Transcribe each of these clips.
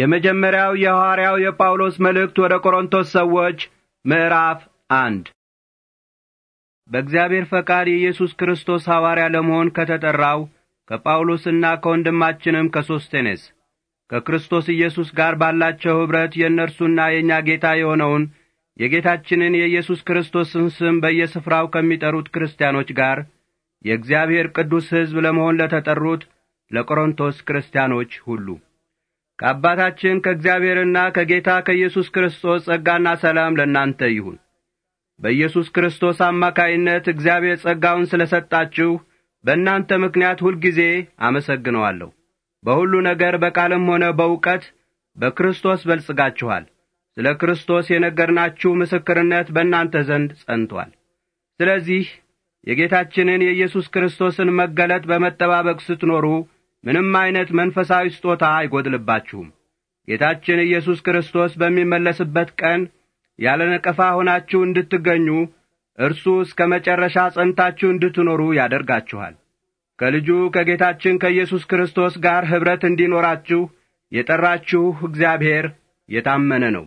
የመጀመሪያው የሐዋርያው የጳውሎስ መልእክት ወደ ቆሮንቶስ ሰዎች ምዕራፍ አንድ በእግዚአብሔር ፈቃድ የኢየሱስ ክርስቶስ ሐዋርያ ለመሆን ከተጠራው ከጳውሎስና ከወንድማችንም ከሶስቴኔስ ከክርስቶስ ኢየሱስ ጋር ባላቸው ኅብረት የእነርሱና የእኛ ጌታ የሆነውን የጌታችንን የኢየሱስ ክርስቶስን ስም በየስፍራው ከሚጠሩት ክርስቲያኖች ጋር የእግዚአብሔር ቅዱስ ሕዝብ ለመሆን ለተጠሩት ለቆሮንቶስ ክርስቲያኖች ሁሉ ከአባታችን ከእግዚአብሔርና ከጌታ ከኢየሱስ ክርስቶስ ጸጋና ሰላም ለእናንተ ይሁን። በኢየሱስ ክርስቶስ አማካይነት እግዚአብሔር ጸጋውን ስለ ሰጣችሁ በእናንተ ምክንያት ሁልጊዜ አመሰግነዋለሁ። በሁሉ ነገር በቃልም ሆነ በእውቀት በክርስቶስ በልጽጋችኋል። ስለ ክርስቶስ የነገርናችሁ ምስክርነት በእናንተ ዘንድ ጸንቶአል። ስለዚህ የጌታችንን የኢየሱስ ክርስቶስን መገለጥ በመጠባበቅ ስትኖሩ ምንም ዐይነት መንፈሳዊ ስጦታ አይጐድልባችሁም። ጌታችን ኢየሱስ ክርስቶስ በሚመለስበት ቀን ያለ ነቀፋ ሆናችሁ እንድትገኙ እርሱ እስከ መጨረሻ ጸንታችሁ እንድትኖሩ ያደርጋችኋል። ከልጁ ከጌታችን ከኢየሱስ ክርስቶስ ጋር ኅብረት እንዲኖራችሁ የጠራችሁ እግዚአብሔር የታመነ ነው።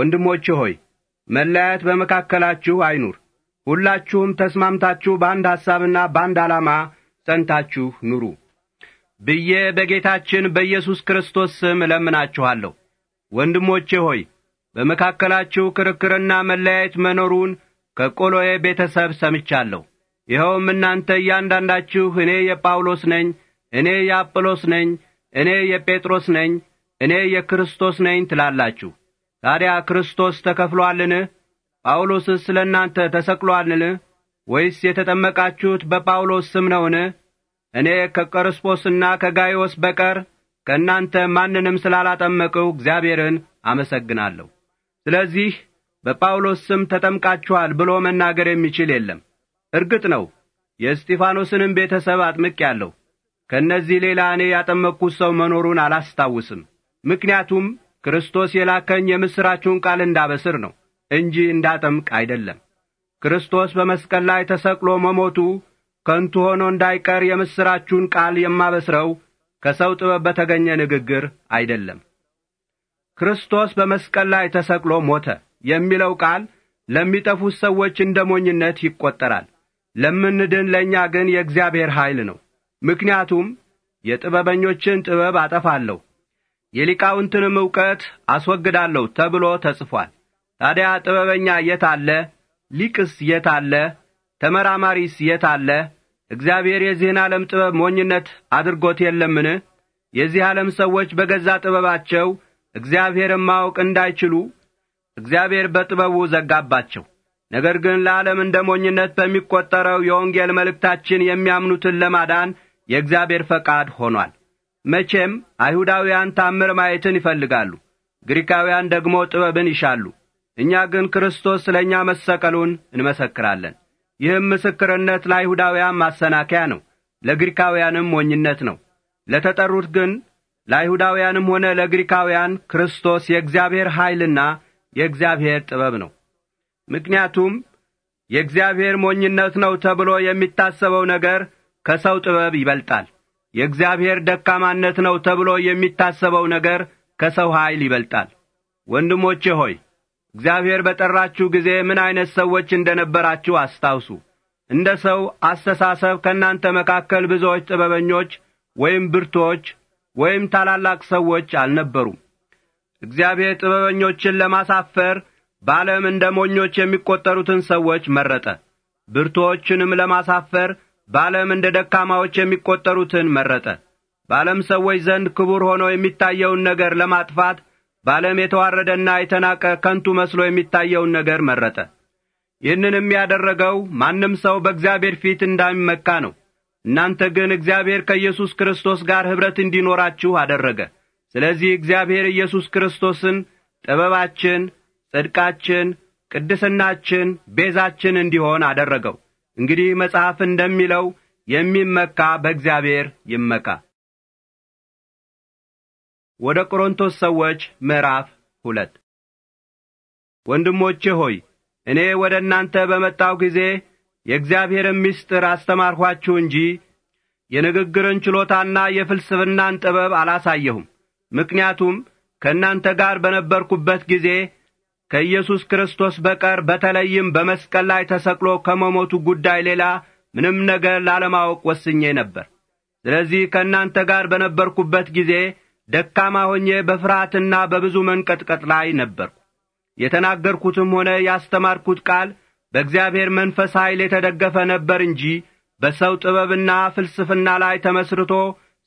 ወንድሞቼ ሆይ መለያየት በመካከላችሁ አይኑር። ሁላችሁም ተስማምታችሁ በአንድ ሐሳብና በአንድ ዓላማ ጸንታችሁ ኑሩ። ብዬ በጌታችን በኢየሱስ ክርስቶስ ስም እለምናችኋለሁ። ወንድሞቼ ሆይ በመካከላችሁ ክርክርና መለያየት መኖሩን ከቆሎዬ ቤተሰብ ሰምቻለሁ። ይኸውም እናንተ እያንዳንዳችሁ እኔ የጳውሎስ ነኝ፣ እኔ የአጵሎስ ነኝ፣ እኔ የጴጥሮስ ነኝ፣ እኔ የክርስቶስ ነኝ ትላላችሁ። ታዲያ ክርስቶስ ተከፍሎአልን? ጳውሎስስ ስለ እናንተ ተሰቅሎአልን? ወይስ የተጠመቃችሁት በጳውሎስ ስም ነውን? እኔ ከቀርስጶስና ከጋይዮስ በቀር ከእናንተ ማንንም ስላላጠመቅሁ እግዚአብሔርን አመሰግናለሁ። ስለዚህ በጳውሎስ ስም ተጠምቃችኋል ብሎ መናገር የሚችል የለም። እርግጥ ነው የእስጢፋኖስንም ቤተሰብ አጥምቄአለሁ። ከእነዚህ ሌላ እኔ ያጠመቅኩት ሰው መኖሩን አላስታውስም። ምክንያቱም ክርስቶስ የላከኝ የምሥራችሁን ቃል እንዳበስር ነው እንጂ እንዳጠምቅ አይደለም። ክርስቶስ በመስቀል ላይ ተሰቅሎ መሞቱ ከንቱ ሆኖ እንዳይቀር የምሥራችሁን ቃል የማበስረው ከሰው ጥበብ በተገኘ ንግግር አይደለም። ክርስቶስ በመስቀል ላይ ተሰቅሎ ሞተ የሚለው ቃል ለሚጠፉት ሰዎች እንደ ሞኝነት ይቈጠራል። ለምንድን ለእኛ ግን የእግዚአብሔር ኀይል ነው። ምክንያቱም የጥበበኞችን ጥበብ አጠፋለሁ፣ የሊቃውንትንም ዕውቀት አስወግዳለሁ ተብሎ ተጽፏል። ታዲያ ጥበበኛ የት አለ? ሊቅስ የት አለ ተመራማሪስ የት አለ? እግዚአብሔር የዚህን ዓለም ጥበብ ሞኝነት አድርጎት የለምን? የዚህ ዓለም ሰዎች በገዛ ጥበባቸው እግዚአብሔርን ማወቅ እንዳይችሉ እግዚአብሔር በጥበቡ ዘጋባቸው። ነገር ግን ለዓለም እንደ ሞኝነት በሚቈጠረው የወንጌል መልእክታችን የሚያምኑትን ለማዳን የእግዚአብሔር ፈቃድ ሆኗል። መቼም አይሁዳውያን ታምር ማየትን ይፈልጋሉ፣ ግሪካውያን ደግሞ ጥበብን ይሻሉ። እኛ ግን ክርስቶስ ስለ እኛ መሰቀሉን እንመሰክራለን። ይህም ምስክርነት ለአይሁዳውያን ማሰናከያ ነው፣ ለግሪካውያንም ሞኝነት ነው። ለተጠሩት ግን ለአይሁዳውያንም ሆነ ለግሪካውያን ክርስቶስ የእግዚአብሔር ኀይልና የእግዚአብሔር ጥበብ ነው። ምክንያቱም የእግዚአብሔር ሞኝነት ነው ተብሎ የሚታሰበው ነገር ከሰው ጥበብ ይበልጣል። የእግዚአብሔር ደካማነት ነው ተብሎ የሚታሰበው ነገር ከሰው ኃይል ይበልጣል። ወንድሞቼ ሆይ እግዚአብሔር በጠራችሁ ጊዜ ምን አይነት ሰዎች ነበራችሁ አስታውሱ። እንደ ሰው አስተሳሰብ ከእናንተ መካከል ብዙዎች ጥበበኞች ወይም ብርቶች ወይም ታላላቅ ሰዎች አልነበሩም። እግዚአብሔር ጥበበኞችን ለማሳፈር በዓለም እንደ ሞኞች የሚቈጠሩትን ሰዎች መረጠ። ብርቶችንም ለማሳፈር በዓለም እንደ ደካማዎች የሚቈጠሩትን መረጠ። በዓለም ሰዎች ዘንድ ክቡር ሆኖ የሚታየውን ነገር ለማጥፋት በዓለም የተዋረደና የተናቀ ከንቱ መስሎ የሚታየውን ነገር መረጠ። ይህንንም ያደረገው ማንም ሰው በእግዚአብሔር ፊት እንዳይመካ ነው። እናንተ ግን እግዚአብሔር ከኢየሱስ ክርስቶስ ጋር ኅብረት እንዲኖራችሁ አደረገ። ስለዚህ እግዚአብሔር ኢየሱስ ክርስቶስን ጥበባችን፣ ጽድቃችን፣ ቅድስናችን፣ ቤዛችን እንዲሆን አደረገው። እንግዲህ መጽሐፍ እንደሚለው የሚመካ በእግዚአብሔር ይመካ። ወደ ቆሮንቶስ ሰዎች ምዕራፍ ሁለት ወንድሞቼ ሆይ እኔ ወደ እናንተ በመጣው ጊዜ የእግዚአብሔርን ምስጢር አስተማርኋችሁ እንጂ የንግግርን ችሎታና የፍልስፍናን ጥበብ አላሳየሁም ምክንያቱም ከእናንተ ጋር በነበርኩበት ጊዜ ከኢየሱስ ክርስቶስ በቀር በተለይም በመስቀል ላይ ተሰቅሎ ከመሞቱ ጉዳይ ሌላ ምንም ነገር ላለማወቅ ወስኜ ነበር ስለዚህ ከእናንተ ጋር በነበርኩበት ጊዜ ደካማ ሆኜ በፍርሃትና በብዙ መንቀጥቀጥ ላይ ነበርኩ። የተናገርኩትም ሆነ ያስተማርኩት ቃል በእግዚአብሔር መንፈስ ኃይል የተደገፈ ነበር እንጂ በሰው ጥበብና ፍልስፍና ላይ ተመስርቶ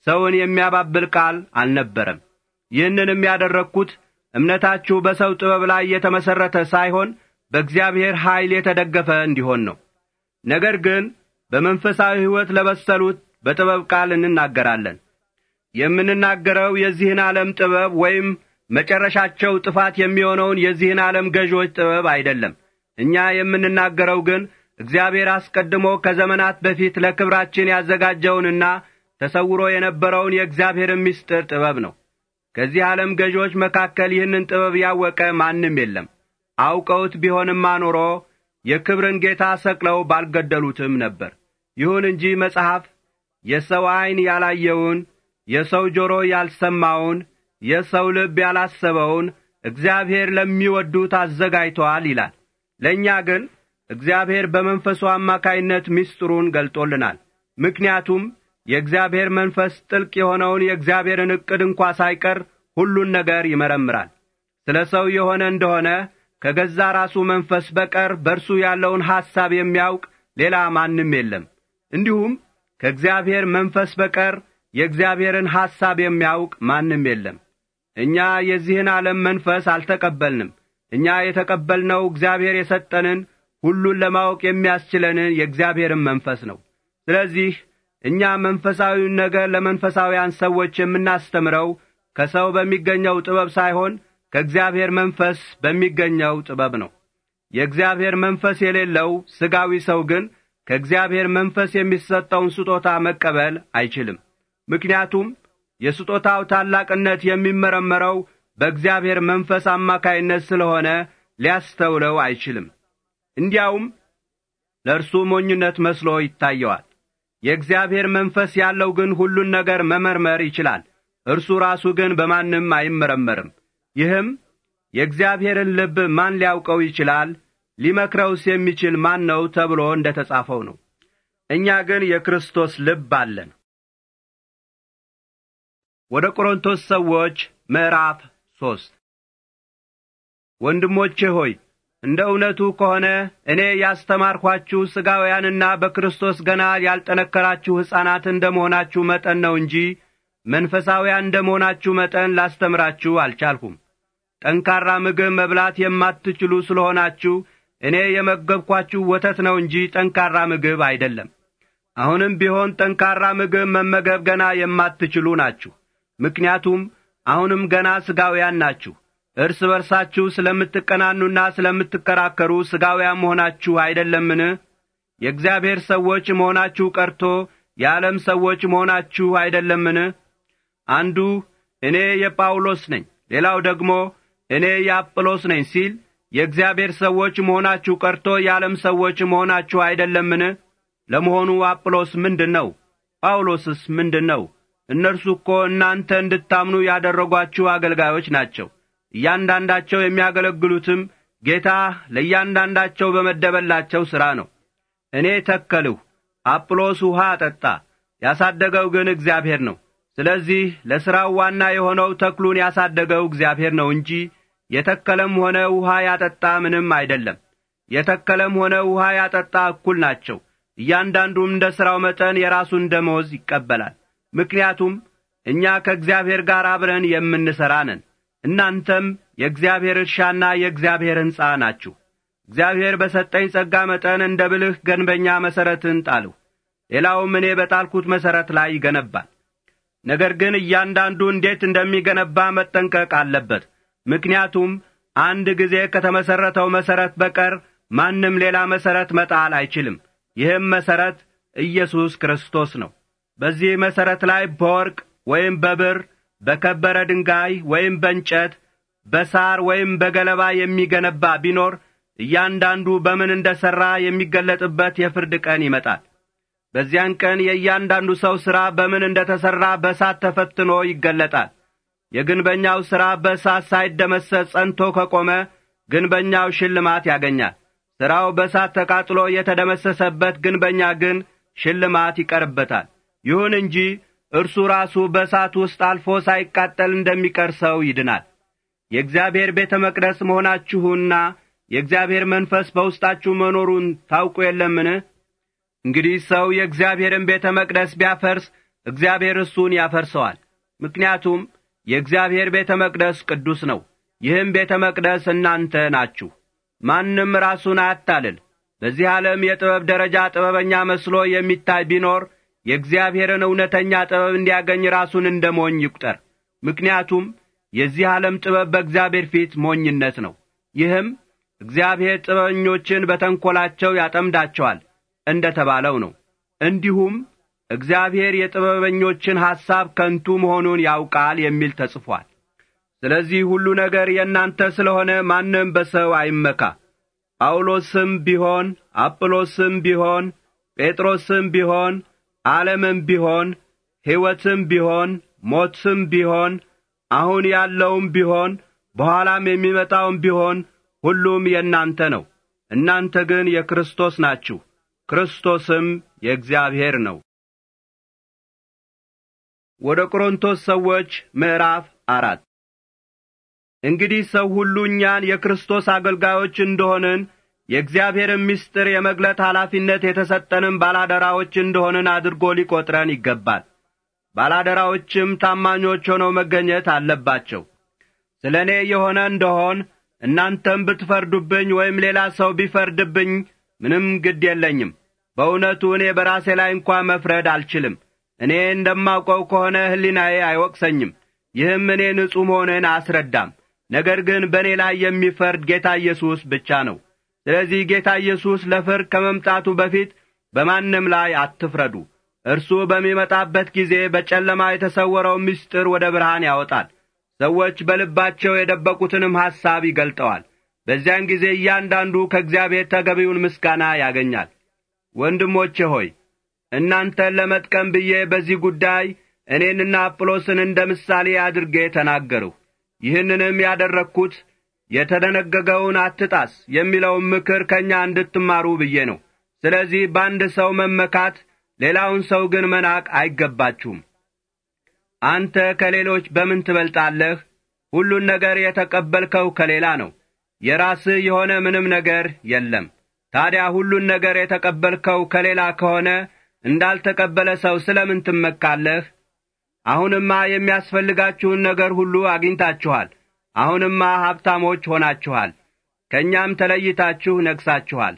ሰውን የሚያባብል ቃል አልነበረም። ይህንንም ያደረግኩት እምነታችሁ በሰው ጥበብ ላይ የተመሠረተ ሳይሆን በእግዚአብሔር ኃይል የተደገፈ እንዲሆን ነው። ነገር ግን በመንፈሳዊ ሕይወት ለበሰሉት በጥበብ ቃል እንናገራለን። የምንናገረው የዚህን ዓለም ጥበብ ወይም መጨረሻቸው ጥፋት የሚሆነውን የዚህን ዓለም ገዢዎች ጥበብ አይደለም። እኛ የምንናገረው ግን እግዚአብሔር አስቀድሞ ከዘመናት በፊት ለክብራችን ያዘጋጀውንና ተሰውሮ የነበረውን የእግዚአብሔርን ምስጢር ጥበብ ነው። ከዚህ ዓለም ገዢዎች መካከል ይህንን ጥበብ ያወቀ ማንም የለም። አውቀውት ቢሆንማ ኖሮ የክብርን ጌታ ሰቅለው ባልገደሉትም ነበር። ይሁን እንጂ መጽሐፍ የሰው ዐይን ያላየውን የሰው ጆሮ ያልሰማውን የሰው ልብ ያላሰበውን እግዚአብሔር ለሚወዱት አዘጋጅቶአል ይላል። ለእኛ ግን እግዚአብሔር በመንፈሱ አማካይነት ምስጢሩን ገልጦልናል። ምክንያቱም የእግዚአብሔር መንፈስ ጥልቅ የሆነውን የእግዚአብሔርን ዕቅድ እንኳ ሳይቀር ሁሉን ነገር ይመረምራል። ስለ ሰው የሆነ እንደሆነ ከገዛ ራሱ መንፈስ በቀር በእርሱ ያለውን ሐሳብ የሚያውቅ ሌላ ማንም የለም። እንዲሁም ከእግዚአብሔር መንፈስ በቀር የእግዚአብሔርን ሐሳብ የሚያውቅ ማንም የለም። እኛ የዚህን ዓለም መንፈስ አልተቀበልንም። እኛ የተቀበልነው እግዚአብሔር የሰጠንን ሁሉን ለማወቅ የሚያስችለንን የእግዚአብሔርን መንፈስ ነው። ስለዚህ እኛ መንፈሳዊውን ነገር ለመንፈሳውያን ሰዎች የምናስተምረው ከሰው በሚገኘው ጥበብ ሳይሆን ከእግዚአብሔር መንፈስ በሚገኘው ጥበብ ነው። የእግዚአብሔር መንፈስ የሌለው ሥጋዊ ሰው ግን ከእግዚአብሔር መንፈስ የሚሰጠውን ስጦታ መቀበል አይችልም። ምክንያቱም የስጦታው ታላቅነት የሚመረመረው በእግዚአብሔር መንፈስ አማካይነት ስለሆነ ሊያስተውለው አይችልም። እንዲያውም ለእርሱ ሞኝነት መስሎ ይታየዋል። የእግዚአብሔር መንፈስ ያለው ግን ሁሉን ነገር መመርመር ይችላል። እርሱ ራሱ ግን በማንም አይመረመርም። ይህም የእግዚአብሔርን ልብ ማን ሊያውቀው ይችላል? ሊመክረውስ የሚችል ማን ነው? ተብሎ እንደ ተጻፈው ነው። እኛ ግን የክርስቶስ ልብ አለን። ወደ ቆሮንቶስ ሰዎች ምዕራፍ ሶስት ወንድሞቼ ሆይ እንደ እውነቱ ከሆነ እኔ ያስተማርኳችሁ ሥጋውያንና በክርስቶስ ገና ያልጠነከራችሁ ሕፃናት እንደ መሆናችሁ መጠን ነው እንጂ መንፈሳውያን እንደ መሆናችሁ መጠን ላስተምራችሁ አልቻልሁም። ጠንካራ ምግብ መብላት የማትችሉ ስለሆናችሁ እኔ የመገብኳችሁ ወተት ነው እንጂ ጠንካራ ምግብ አይደለም። አሁንም ቢሆን ጠንካራ ምግብ መመገብ ገና የማትችሉ ናችሁ። ምክንያቱም አሁንም ገና ሥጋውያን ናችሁ። እርስ በርሳችሁ ስለምትቀናኑና ስለምትከራከሩ ሥጋውያን መሆናችሁ አይደለምን? የእግዚአብሔር ሰዎች መሆናችሁ ቀርቶ የዓለም ሰዎች መሆናችሁ አይደለምን? አንዱ እኔ የጳውሎስ ነኝ፣ ሌላው ደግሞ እኔ የአጵሎስ ነኝ ሲል የእግዚአብሔር ሰዎች መሆናችሁ ቀርቶ የዓለም ሰዎች መሆናችሁ አይደለምን? ለመሆኑ አጵሎስ ምንድን ነው? ጳውሎስስ ምንድን ነው? እነርሱ እኮ እናንተ እንድታምኑ ያደረጓችሁ አገልጋዮች ናቸው። እያንዳንዳቸው የሚያገለግሉትም ጌታ ለእያንዳንዳቸው በመደበላቸው ሥራ ነው። እኔ ተከልሁ፣ አጵሎስ ውኃ አጠጣ፣ ያሳደገው ግን እግዚአብሔር ነው። ስለዚህ ለሥራው ዋና የሆነው ተክሉን ያሳደገው እግዚአብሔር ነው እንጂ የተከለም ሆነ ውኃ ያጠጣ ምንም አይደለም። የተከለም ሆነ ውኃ ያጠጣ እኩል ናቸው። እያንዳንዱም እንደ ሥራው መጠን የራሱን ደመወዝ ይቀበላል። ምክንያቱም እኛ ከእግዚአብሔር ጋር አብረን የምንሠራ ነን። እናንተም የእግዚአብሔር እርሻና የእግዚአብሔር ሕንፃ ናችሁ። እግዚአብሔር በሰጠኝ ጸጋ መጠን እንደ ብልህ ገንበኛ መሠረትን ጣልሁ። ሌላውም እኔ በጣልኩት መሠረት ላይ ይገነባል። ነገር ግን እያንዳንዱ እንዴት እንደሚገነባ መጠንቀቅ አለበት። ምክንያቱም አንድ ጊዜ ከተመሠረተው መሠረት በቀር ማንም ሌላ መሠረት መጣል አይችልም። ይህም መሠረት ኢየሱስ ክርስቶስ ነው። በዚህ መሠረት ላይ በወርቅ ወይም በብር በከበረ ድንጋይ ወይም በእንጨት በሳር ወይም በገለባ የሚገነባ ቢኖር እያንዳንዱ በምን እንደ ሠራ የሚገለጥበት የፍርድ ቀን ይመጣል። በዚያን ቀን የእያንዳንዱ ሰው ሥራ በምን እንደ ተሠራ በእሳት ተፈትኖ ይገለጣል። የግንበኛው ሥራ በእሳት ሳይደመሰስ ጸንቶ ከቆመ ግንበኛው ሽልማት ያገኛል። ሥራው በእሳት ተቃጥሎ የተደመሰሰበት ግንበኛ ግን ሽልማት ይቀርበታል። ይሁን እንጂ እርሱ ራሱ በእሳት ውስጥ አልፎ ሳይቃጠል እንደሚቀር ሰው ይድናል። የእግዚአብሔር ቤተ መቅደስ መሆናችሁና የእግዚአብሔር መንፈስ በውስጣችሁ መኖሩን ታውቁ የለምን? እንግዲህ ሰው የእግዚአብሔርን ቤተ መቅደስ ቢያፈርስ እግዚአብሔር እሱን ያፈርሰዋል። ምክንያቱም የእግዚአብሔር ቤተ መቅደስ ቅዱስ ነው። ይህም ቤተ መቅደስ እናንተ ናችሁ። ማንም ራሱን አያታልል። በዚህ ዓለም የጥበብ ደረጃ ጥበበኛ መስሎ የሚታይ ቢኖር የእግዚአብሔርን እውነተኛ ጥበብ እንዲያገኝ ራሱን እንደ ሞኝ ይቁጠር። ምክንያቱም የዚህ ዓለም ጥበብ በእግዚአብሔር ፊት ሞኝነት ነው። ይህም እግዚአብሔር ጥበበኞችን በተንኰላቸው ያጠምዳቸዋል እንደ ተባለው ነው። እንዲሁም እግዚአብሔር የጥበበኞችን ሐሳብ ከንቱ መሆኑን ያውቃል የሚል ተጽፏል። ስለዚህ ሁሉ ነገር የእናንተ ስለሆነ ማንም በሰው አይመካ። ጳውሎስም ቢሆን አጵሎስም ቢሆን ጴጥሮስም ቢሆን ዓለምም ቢሆን ሕይወትም ቢሆን ሞትም ቢሆን አሁን ያለውም ቢሆን በኋላም የሚመጣውም ቢሆን ሁሉም የእናንተ ነው። እናንተ ግን የክርስቶስ ናችሁ፣ ክርስቶስም የእግዚአብሔር ነው። ወደ ቆሮንቶስ ሰዎች ምዕራፍ አራት እንግዲህ ሰው ሁሉ እኛን የክርስቶስ አገልጋዮች እንደሆንን የእግዚአብሔርን ምስጢር የመግለጥ ኃላፊነት የተሰጠንም ባላደራዎች እንደሆንን አድርጎ ሊቈጥረን ይገባል። ባላደራዎችም ታማኞች ሆነው መገኘት አለባቸው። ስለ እኔ የሆነ እንደሆን እናንተም ብትፈርዱብኝ ወይም ሌላ ሰው ቢፈርድብኝ ምንም ግድ የለኝም። በእውነቱ እኔ በራሴ ላይ እንኳ መፍረድ አልችልም። እኔ እንደማውቀው ከሆነ ሕሊናዬ አይወቅሰኝም። ይህም እኔ ንጹሕ መሆንን አስረዳም። ነገር ግን በእኔ ላይ የሚፈርድ ጌታ ኢየሱስ ብቻ ነው። ስለዚህ ጌታ ኢየሱስ ለፍርድ ከመምጣቱ በፊት በማንም ላይ አትፍረዱ። እርሱ በሚመጣበት ጊዜ በጨለማ የተሰወረው ምስጢር ወደ ብርሃን ያወጣል፣ ሰዎች በልባቸው የደበቁትንም ሐሳብ ይገልጠዋል። በዚያን ጊዜ እያንዳንዱ ከእግዚአብሔር ተገቢውን ምስጋና ያገኛል። ወንድሞቼ ሆይ እናንተን ለመጥቀም ብዬ በዚህ ጉዳይ እኔንና አጵሎስን እንደ ምሳሌ አድርጌ ተናገርሁ። ይህንንም ያደረግሁት የተደነገገውን አትጣስ የሚለውን ምክር ከእኛ እንድትማሩ ብዬ ነው። ስለዚህ በአንድ ሰው መመካት፣ ሌላውን ሰው ግን መናቅ አይገባችሁም። አንተ ከሌሎች በምን ትበልጣለህ? ሁሉን ነገር የተቀበልከው ከሌላ ነው። የራስህ የሆነ ምንም ነገር የለም። ታዲያ ሁሉን ነገር የተቀበልከው ከሌላ ከሆነ እንዳልተቀበለ ሰው ስለምን ትመካለህ? አሁንማ የሚያስፈልጋችሁን ነገር ሁሉ አግኝታችኋል። አሁንማ ሀብታሞች ሆናችኋል፣ ከእኛም ተለይታችሁ ነግሳችኋል።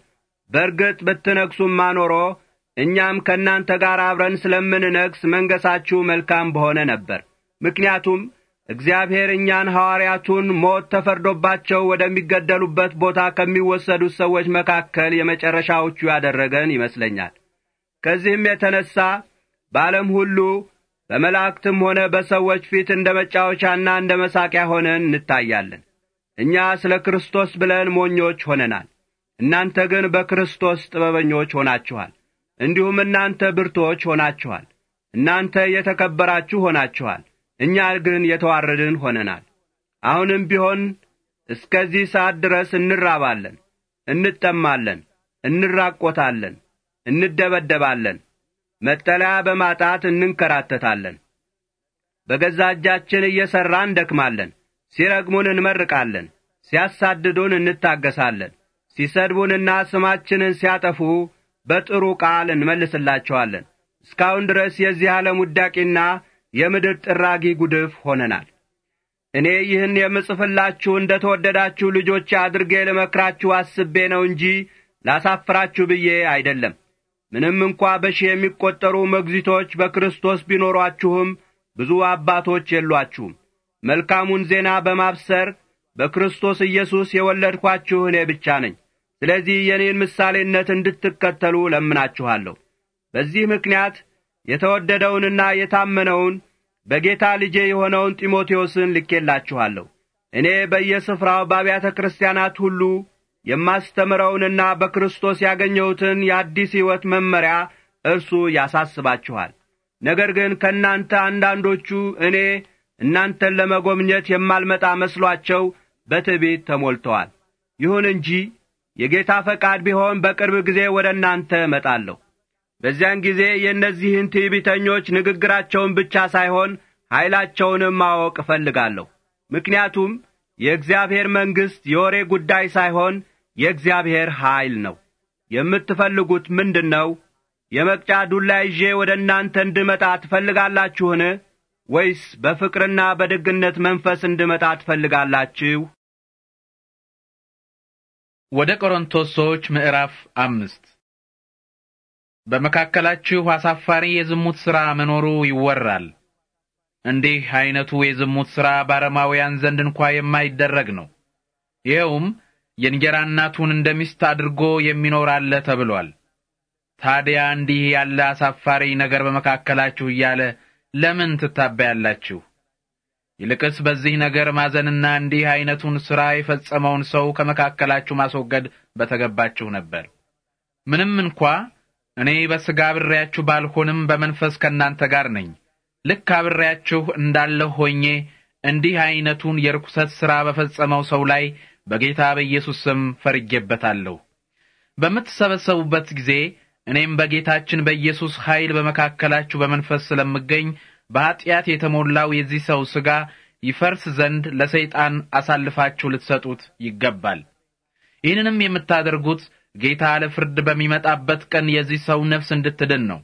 በርግጥ ብትነግሱማ ኖሮ እኛም ከእናንተ ጋር አብረን ስለምንነግስ መንገሳችሁ መልካም በሆነ ነበር። ምክንያቱም እግዚአብሔር እኛን ሐዋርያቱን ሞት ተፈርዶባቸው ወደሚገደሉበት ቦታ ከሚወሰዱት ሰዎች መካከል የመጨረሻዎቹ ያደረገን ይመስለኛል። ከዚህም የተነሣ በዓለም ሁሉ በመላእክትም ሆነ በሰዎች ፊት እንደ መጫወቻና እንደ መሳቂያ ሆነን እንታያለን። እኛ ስለ ክርስቶስ ብለን ሞኞች ሆነናል፣ እናንተ ግን በክርስቶስ ጥበበኞች ሆናችኋል። እንዲሁም እናንተ ብርቶች ሆናችኋል። እናንተ የተከበራችሁ ሆናችኋል፣ እኛ ግን የተዋረድን ሆነናል። አሁንም ቢሆን እስከዚህ ሰዓት ድረስ እንራባለን፣ እንጠማለን፣ እንራቆታለን፣ እንደበደባለን መጠለያ በማጣት እንንከራተታለን። በገዛ እጃችን እየሰራ እንደክማለን። ሲረግሙን እንመርቃለን፣ ሲያሳድዱን እንታገሳለን። ሲሰድቡንና ስማችንን ሲያጠፉ በጥሩ ቃል እንመልስላቸዋለን። እስካሁን ድረስ የዚህ ዓለም ውዳቂና የምድር ጥራጊ ጉድፍ ሆነናል። እኔ ይህን የምጽፍላችሁ እንደ ተወደዳችሁ ልጆቼ አድርጌ ልመክራችሁ አስቤ ነው እንጂ ላሳፍራችሁ ብዬ አይደለም። ምንም እንኳ በሺህ የሚቈጠሩ መግዚቶች በክርስቶስ ቢኖሯችሁም ብዙ አባቶች የሏችሁም። መልካሙን ዜና በማብሰር በክርስቶስ ኢየሱስ የወለድኳችሁ እኔ ብቻ ነኝ። ስለዚህ የእኔን ምሳሌነት እንድትከተሉ ለምናችኋለሁ። በዚህ ምክንያት የተወደደውንና የታመነውን በጌታ ልጄ የሆነውን ጢሞቴዎስን ልኬላችኋለሁ። እኔ በየስፍራው በአብያተ ክርስቲያናት ሁሉ የማስተምረውንና በክርስቶስ ያገኘሁትን የአዲስ ሕይወት መመሪያ እርሱ ያሳስባችኋል። ነገር ግን ከእናንተ አንዳንዶቹ እኔ እናንተን ለመጎብኘት የማልመጣ መስሏቸው በትዕቢት ተሞልተዋል። ይሁን እንጂ የጌታ ፈቃድ ቢሆን በቅርብ ጊዜ ወደ እናንተ እመጣለሁ። በዚያን ጊዜ የእነዚህን ትዕቢተኞች ንግግራቸውን ብቻ ሳይሆን ኀይላቸውንም ማወቅ እፈልጋለሁ። ምክንያቱም የእግዚአብሔር መንግሥት የወሬ ጉዳይ ሳይሆን የእግዚአብሔር ኀይል ነው። የምትፈልጉት ምንድን ነው? የመቅጫ ዱላ ይዤ ወደ እናንተ እንድመጣ ትፈልጋላችሁን? ወይስ በፍቅርና በደግነት መንፈስ እንድመጣ ትፈልጋላችሁ? ወደ ቆሮንቶስ ሰዎች ምዕራፍ አምስት በመካከላችሁ አሳፋሪ የዝሙት ሥራ መኖሩ ይወራል። እንዲህ ዐይነቱ የዝሙት ሥራ ባረማውያን ዘንድ እንኳ የማይደረግ ነው። ይኸውም የእንጀራ እናቱን እንደ ሚስት አድርጎ የሚኖር አለ ተብሏል። ታዲያ እንዲህ ያለ አሳፋሪ ነገር በመካከላችሁ እያለ ለምን ትታበያላችሁ? ይልቅስ በዚህ ነገር ማዘንና እንዲህ አይነቱን ሥራ የፈጸመውን ሰው ከመካከላችሁ ማስወገድ በተገባችሁ ነበር። ምንም እንኳ እኔ በሥጋ አብሬያችሁ ባልሆንም በመንፈስ ከእናንተ ጋር ነኝ። ልክ አብሬያችሁ እንዳለሁ ሆኜ እንዲህ አይነቱን የርኩሰት ሥራ በፈጸመው ሰው ላይ በጌታ በኢየሱስ ስም ፈርጌበታለሁ። በምትሰበሰቡበት ጊዜ እኔም በጌታችን በኢየሱስ ኃይል በመካከላችሁ በመንፈስ ስለምገኝ በኀጢአት የተሞላው የዚህ ሰው ሥጋ ይፈርስ ዘንድ ለሰይጣን አሳልፋችሁ ልትሰጡት ይገባል። ይህንንም የምታደርጉት ጌታ ለፍርድ በሚመጣበት ቀን የዚህ ሰው ነፍስ እንድትድን ነው።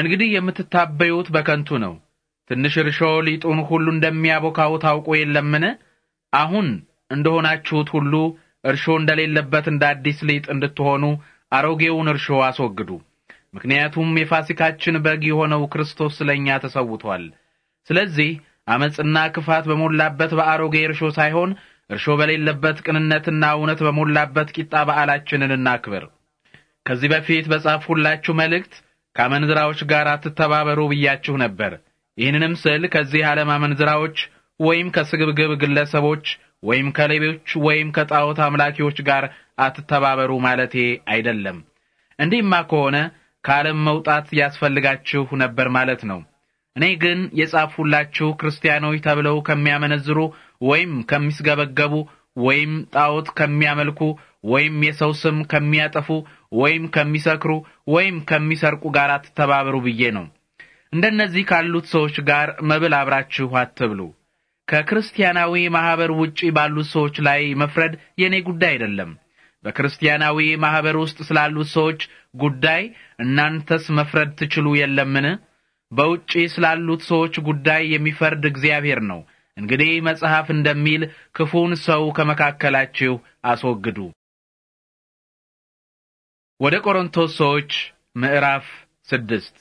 እንግዲህ የምትታበዩት በከንቱ ነው። ትንሽ እርሾ ሊጡን ሁሉ እንደሚያቦካው ታውቆ የለምን? አሁን እንደሆናችሁት ሁሉ እርሾ እንደሌለበት እንደ አዲስ ሊጥ እንድትሆኑ አሮጌውን እርሾ አስወግዱ። ምክንያቱም የፋሲካችን በግ የሆነው ክርስቶስ ስለ እኛ ተሰውቷል። ስለዚህ አመፅና ክፋት በሞላበት በአሮጌ እርሾ ሳይሆን እርሾ በሌለበት ቅንነትና እውነት በሞላበት ቂጣ በዓላችንን እናክብር። ከዚህ በፊት በጻፍሁላችሁ መልእክት ከአመንዝራዎች ጋር አትተባበሩ ብያችሁ ነበር። ይህንንም ስል ከዚህ ዓለም አመንዝራዎች ወይም ከስግብግብ ግለሰቦች ወይም ከሌቦች ወይም ከጣዖት አምላኪዎች ጋር አትተባበሩ ማለቴ አይደለም። እንዲህማ ከሆነ ከዓለም መውጣት ያስፈልጋችሁ ነበር ማለት ነው። እኔ ግን የጻፍሁላችሁ ክርስቲያኖች ተብለው ከሚያመነዝሩ ወይም ከሚስገበገቡ ወይም ጣዖት ከሚያመልኩ ወይም የሰው ስም ከሚያጠፉ ወይም ከሚሰክሩ ወይም ከሚሰርቁ ጋር አትተባበሩ ብዬ ነው። እንደነዚህ ካሉት ሰዎች ጋር መብል አብራችሁ አትብሉ። ከክርስቲያናዊ ማህበር ውጪ ባሉት ሰዎች ላይ መፍረድ የኔ ጉዳይ አይደለም። በክርስቲያናዊ ማህበር ውስጥ ስላሉት ሰዎች ጉዳይ እናንተስ መፍረድ ትችሉ የለምን? በውጪ ስላሉት ሰዎች ጉዳይ የሚፈርድ እግዚአብሔር ነው። እንግዲህ መጽሐፍ እንደሚል ክፉን ሰው ከመካከላችሁ አስወግዱ። ወደ ቆሮንቶስ ሰዎች ምዕራፍ ስድስት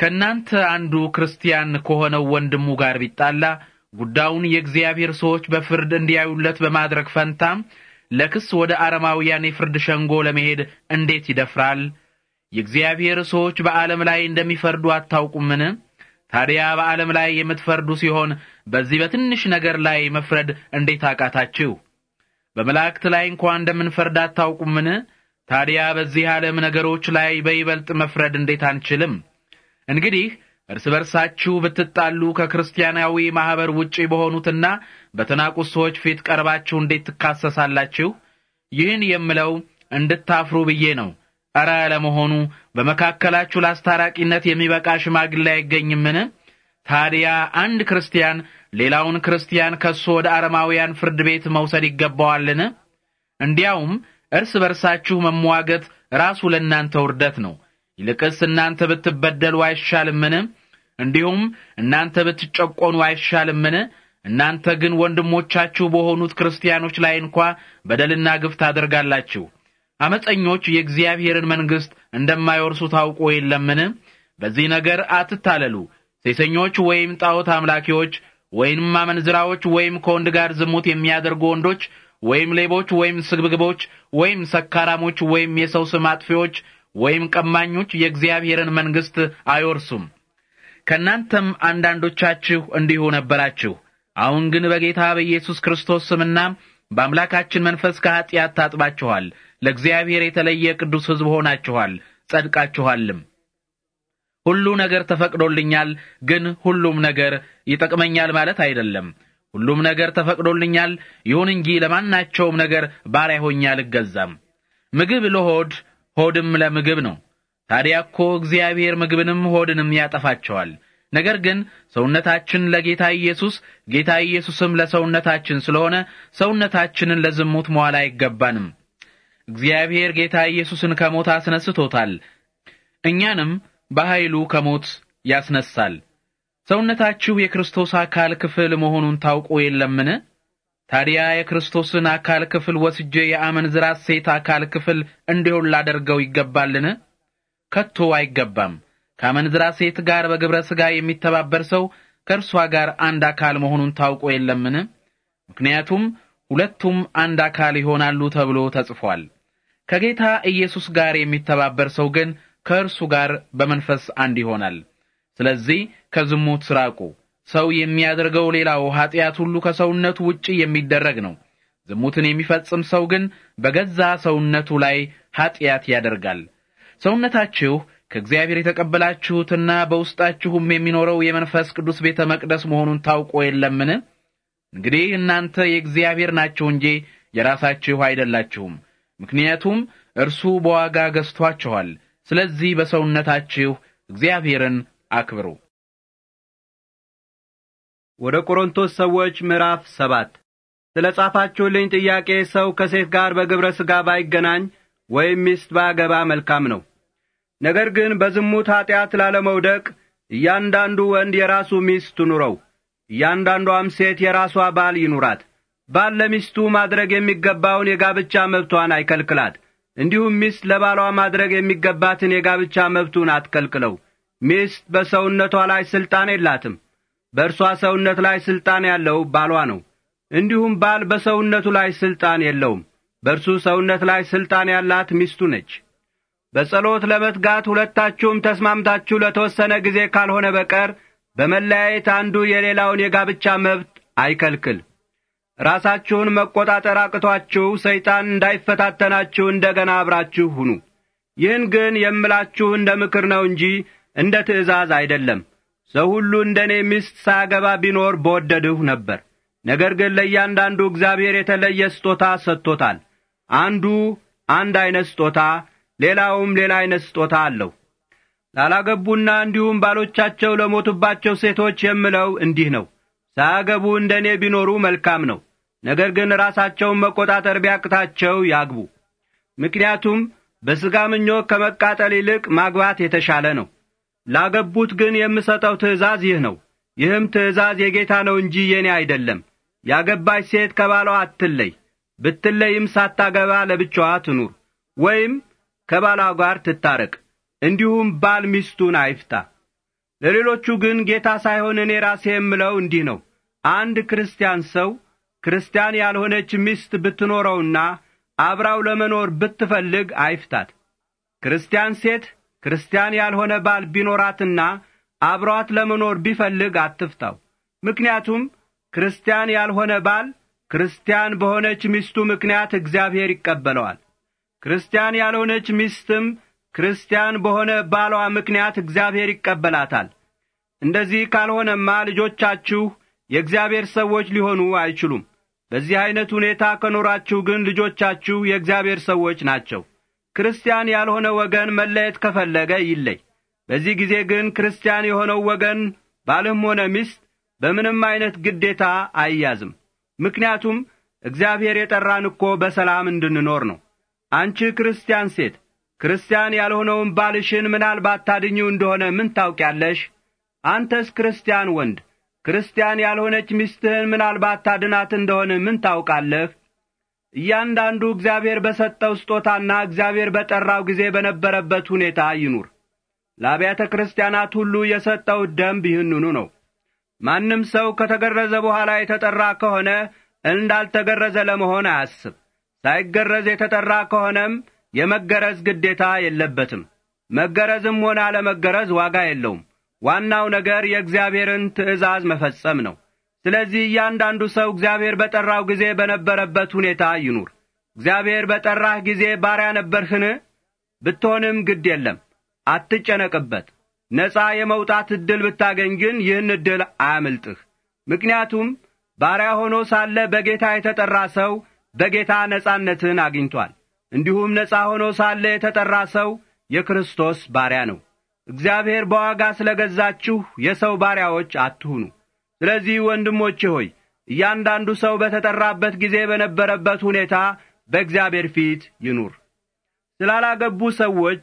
ከእናንተ አንዱ ክርስቲያን ከሆነው ወንድሙ ጋር ቢጣላ ጉዳዩን የእግዚአብሔር ሰዎች በፍርድ እንዲያዩለት በማድረግ ፈንታም ለክስ ወደ አረማውያን የፍርድ ሸንጎ ለመሄድ እንዴት ይደፍራል? የእግዚአብሔር ሰዎች በዓለም ላይ እንደሚፈርዱ አታውቁምን? ታዲያ በዓለም ላይ የምትፈርዱ ሲሆን በዚህ በትንሽ ነገር ላይ መፍረድ እንዴት አቃታችሁ? በመላእክት ላይ እንኳ እንደምንፈርድ አታውቁምን? ታዲያ በዚህ ዓለም ነገሮች ላይ በይበልጥ መፍረድ እንዴት አንችልም? እንግዲህ እርስ በርሳችሁ ብትጣሉ ከክርስቲያናዊ ማኅበር ውጪ በሆኑትና በተናቁት ሰዎች ፊት ቀርባችሁ እንዴት ትካሰሳላችሁ? ይህን የምለው እንድታፍሩ ብዬ ነው። ኧረ ለመሆኑ በመካከላችሁ ለአስታራቂነት የሚበቃ ሽማግሌ አይገኝምን? ታዲያ አንድ ክርስቲያን ሌላውን ክርስቲያን ከሶ ወደ አረማውያን ፍርድ ቤት መውሰድ ይገባዋልን? እንዲያውም እርስ በርሳችሁ መሟገት ራሱ ለእናንተ ውርደት ነው። ይልቅስ እናንተ ብትበደሉ አይሻልምን? እንዲሁም እናንተ ብትጨቆኑ አይሻልምን? እናንተ ግን ወንድሞቻችሁ በሆኑት ክርስቲያኖች ላይ እንኳ በደልና ግፍ ታደርጋላችሁ። አመፀኞች የእግዚአብሔርን መንግሥት እንደማይወርሱ ታውቆ የለምን? በዚህ ነገር አትታለሉ። ሴሰኞች ወይም ጣዖት አምላኪዎች ወይም አመንዝራዎች ወይም ከወንድ ጋር ዝሙት የሚያደርጉ ወንዶች ወይም ሌቦች ወይም ስግብግቦች ወይም ሰካራሞች ወይም የሰው ስም አጥፊዎች ወይም ቀማኞች የእግዚአብሔርን መንግሥት አይወርሱም። ከእናንተም አንዳንዶቻችሁ እንዲሁ ነበራችሁ። አሁን ግን በጌታ በኢየሱስ ክርስቶስ ስምና በአምላካችን መንፈስ ከኀጢአት ታጥባችኋል፣ ለእግዚአብሔር የተለየ ቅዱስ ሕዝብ ሆናችኋል፣ ጸድቃችኋልም። ሁሉ ነገር ተፈቅዶልኛል፣ ግን ሁሉም ነገር ይጠቅመኛል ማለት አይደለም። ሁሉም ነገር ተፈቅዶልኛል፣ ይሁን እንጂ ለማናቸውም ነገር ባሪያ ሆኜ አልገዛም። ምግብ ለሆድ ሆድም ለምግብ ነው። ታዲያ እኮ እግዚአብሔር ምግብንም ሆድንም ያጠፋቸዋል። ነገር ግን ሰውነታችን ለጌታ ኢየሱስ ጌታ ኢየሱስም ለሰውነታችን ስለሆነ ሰውነታችንን ለዝሙት መዋል አይገባንም። እግዚአብሔር ጌታ ኢየሱስን ከሞት አስነስቶታል። እኛንም በኃይሉ ከሞት ያስነሳል። ሰውነታችሁ የክርስቶስ አካል ክፍል መሆኑን ታውቁ የለምን? ታዲያ የክርስቶስን አካል ክፍል ወስጄ የአመንዝራት ሴት አካል ክፍል እንዲሆን ላደርገው ይገባልን? ከቶ አይገባም። ከአመንዝራት ሴት ጋር በግብረ ሥጋ የሚተባበር ሰው ከእርሷ ጋር አንድ አካል መሆኑን ታውቆ የለምን? ምክንያቱም ሁለቱም አንድ አካል ይሆናሉ ተብሎ ተጽፏል። ከጌታ ኢየሱስ ጋር የሚተባበር ሰው ግን ከእርሱ ጋር በመንፈስ አንድ ይሆናል። ስለዚህ ከዝሙት ራቁ። ሰው የሚያደርገው ሌላው ኃጢአት ሁሉ ከሰውነቱ ውጪ የሚደረግ ነው። ዝሙትን የሚፈጽም ሰው ግን በገዛ ሰውነቱ ላይ ኃጢአት ያደርጋል። ሰውነታችሁ ከእግዚአብሔር የተቀበላችሁትና በውስጣችሁም የሚኖረው የመንፈስ ቅዱስ ቤተ መቅደስ መሆኑን ታውቆ የለምን? እንግዲህ እናንተ የእግዚአብሔር ናችሁ እንጂ የራሳችሁ አይደላችሁም። ምክንያቱም እርሱ በዋጋ ገዝቷችኋል። ስለዚህ በሰውነታችሁ እግዚአብሔርን አክብሩ። ወደ ቆሮንቶስ ሰዎች ምዕራፍ ሰባት ስለ ጻፋችሁልኝ ጥያቄ ሰው ከሴት ጋር በግብረ ሥጋ ባይገናኝ ወይም ሚስት ባገባ መልካም ነው። ነገር ግን በዝሙት ኀጢአት ላለመውደቅ እያንዳንዱ ወንድ የራሱ ሚስት ኑረው እያንዳንዷም ሴት የራሷ ባል ይኑራት። ባል ለሚስቱ ማድረግ የሚገባውን የጋብቻ መብቷን አይከልክላት፣ እንዲሁም ሚስት ለባሏ ማድረግ የሚገባትን የጋብቻ መብቱን አትከልክለው። ሚስት በሰውነቷ ላይ ሥልጣን የላትም በእርሷ ሰውነት ላይ ሥልጣን ያለው ባሏ ነው። እንዲሁም ባል በሰውነቱ ላይ ሥልጣን የለውም። በእርሱ ሰውነት ላይ ሥልጣን ያላት ሚስቱ ነች። በጸሎት ለመትጋት ሁለታችሁም ተስማምታችሁ ለተወሰነ ጊዜ ካልሆነ በቀር በመለያየት አንዱ የሌላውን የጋብቻ መብት አይከልክል። ራሳችሁን መቆጣጠር አቅቷችሁ ሰይጣን እንዳይፈታተናችሁ እንደ ገና አብራችሁ ሁኑ። ይህን ግን የምላችሁ እንደ ምክር ነው እንጂ እንደ ትእዛዝ አይደለም። ሰው ሁሉ እንደ እኔ ሚስት ሳገባ ቢኖር በወደድሁ ነበር። ነገር ግን ለእያንዳንዱ እግዚአብሔር የተለየ ስጦታ ሰጥቶታል። አንዱ አንድ ዐይነት ስጦታ፣ ሌላውም ሌላ ዐይነት ስጦታ አለው። ላላገቡና እንዲሁም ባሎቻቸው ለሞቱባቸው ሴቶች የምለው እንዲህ ነው። ሳያገቡ እንደ እኔ ቢኖሩ መልካም ነው። ነገር ግን ራሳቸውን መቆጣጠር ቢያቅታቸው ያግቡ። ምክንያቱም በሥጋ ምኞት ከመቃጠል ይልቅ ማግባት የተሻለ ነው። ላገቡት ግን የምሰጠው ትእዛዝ ይህ ነው። ይህም ትእዛዝ የጌታ ነው እንጂ የኔ አይደለም። ያገባች ሴት ከባሏ አትለይ፣ ብትለይም ሳታገባ ለብቻዋ ትኑር ወይም ከባሏ ጋር ትታረቅ። እንዲሁም ባል ሚስቱን አይፍታ። ለሌሎቹ ግን ጌታ ሳይሆን እኔ ራሴ የምለው እንዲህ ነው። አንድ ክርስቲያን ሰው ክርስቲያን ያልሆነች ሚስት ብትኖረውና አብራው ለመኖር ብትፈልግ አይፍታት። ክርስቲያን ሴት ክርስቲያን ያልሆነ ባል ቢኖራትና አብሯት ለመኖር ቢፈልግ አትፍታው። ምክንያቱም ክርስቲያን ያልሆነ ባል ክርስቲያን በሆነች ሚስቱ ምክንያት እግዚአብሔር ይቀበለዋል። ክርስቲያን ያልሆነች ሚስትም ክርስቲያን በሆነ ባሏ ምክንያት እግዚአብሔር ይቀበላታል። እንደዚህ ካልሆነማ ልጆቻችሁ የእግዚአብሔር ሰዎች ሊሆኑ አይችሉም። በዚህ ዐይነት ሁኔታ ከኖራችሁ ግን ልጆቻችሁ የእግዚአብሔር ሰዎች ናቸው። ክርስቲያን ያልሆነ ወገን መለየት ከፈለገ ይለይ። በዚህ ጊዜ ግን ክርስቲያን የሆነው ወገን ባልም ሆነ ሚስት በምንም አይነት ግዴታ አይያዝም። ምክንያቱም እግዚአብሔር የጠራን እኮ በሰላም እንድንኖር ነው። አንቺ ክርስቲያን ሴት ክርስቲያን ያልሆነውን ባልሽን ምናልባት ታድኚው እንደሆነ ምን ታውቂያለሽ? አንተስ ክርስቲያን ወንድ ክርስቲያን ያልሆነች ሚስትህን ምናልባት ታድናት እንደሆነ ምን ታውቃለህ? እያንዳንዱ እግዚአብሔር በሰጠው ስጦታና እግዚአብሔር በጠራው ጊዜ በነበረበት ሁኔታ ይኑር። ለአብያተ ክርስቲያናት ሁሉ የሰጠው ደንብ ይህንኑ ነው። ማንም ሰው ከተገረዘ በኋላ የተጠራ ከሆነ እንዳልተገረዘ ለመሆን አያስብ። ሳይገረዝ የተጠራ ከሆነም የመገረዝ ግዴታ የለበትም። መገረዝም ሆነ አለመገረዝ ዋጋ የለውም። ዋናው ነገር የእግዚአብሔርን ትእዛዝ መፈጸም ነው። ስለዚህ እያንዳንዱ ሰው እግዚአብሔር በጠራው ጊዜ በነበረበት ሁኔታ ይኑር። እግዚአብሔር በጠራህ ጊዜ ባሪያ ነበርህን? ብትሆንም ግድ የለም፣ አትጨነቅበት። ነፃ የመውጣት ዕድል ብታገኝ ግን ይህን ዕድል አያምልጥህ። ምክንያቱም ባሪያ ሆኖ ሳለ በጌታ የተጠራ ሰው በጌታ ነፃነትን አግኝቷል። እንዲሁም ነፃ ሆኖ ሳለ የተጠራ ሰው የክርስቶስ ባሪያ ነው። እግዚአብሔር በዋጋ ስለ ገዛችሁ የሰው ባሪያዎች አትሁኑ። ስለዚህ ወንድሞቼ ሆይ እያንዳንዱ ሰው በተጠራበት ጊዜ በነበረበት ሁኔታ በእግዚአብሔር ፊት ይኑር። ስላላገቡ ሰዎች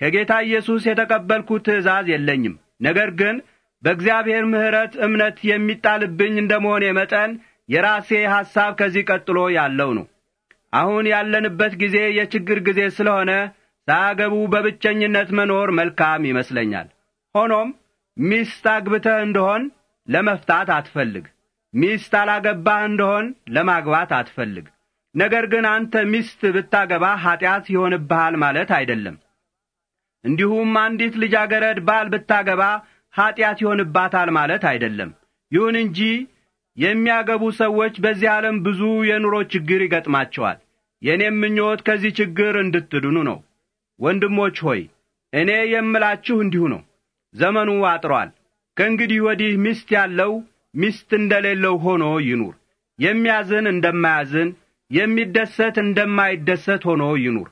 ከጌታ ኢየሱስ የተቀበልኩት ትእዛዝ የለኝም። ነገር ግን በእግዚአብሔር ምሕረት እምነት የሚጣልብኝ እንደ መሆኔ መጠን የራሴ ሐሳብ ከዚህ ቀጥሎ ያለው ነው። አሁን ያለንበት ጊዜ የችግር ጊዜ ስለሆነ ሳያገቡ በብቸኝነት መኖር መልካም ይመስለኛል። ሆኖም ሚስት አግብተህ እንደሆን ለመፍታት አትፈልግ። ሚስት አላገባህ እንደሆን ለማግባት አትፈልግ። ነገር ግን አንተ ሚስት ብታገባ ኀጢአት ይሆንብሃል ማለት አይደለም። እንዲሁም አንዲት ልጃገረድ ባል ብታገባ ኀጢአት ይሆንባታል ማለት አይደለም። ይሁን እንጂ የሚያገቡ ሰዎች በዚህ ዓለም ብዙ የኑሮ ችግር ይገጥማቸዋል። የእኔም ምኞት ከዚህ ችግር እንድትድኑ ነው። ወንድሞች ሆይ እኔ የምላችሁ እንዲሁ ነው። ዘመኑ አጥሯል፣ ከእንግዲህ ወዲህ ሚስት ያለው ሚስት እንደሌለው ሆኖ ይኑር። የሚያዝን እንደማያዝን፣ የሚደሰት እንደማይደሰት ሆኖ ይኑር።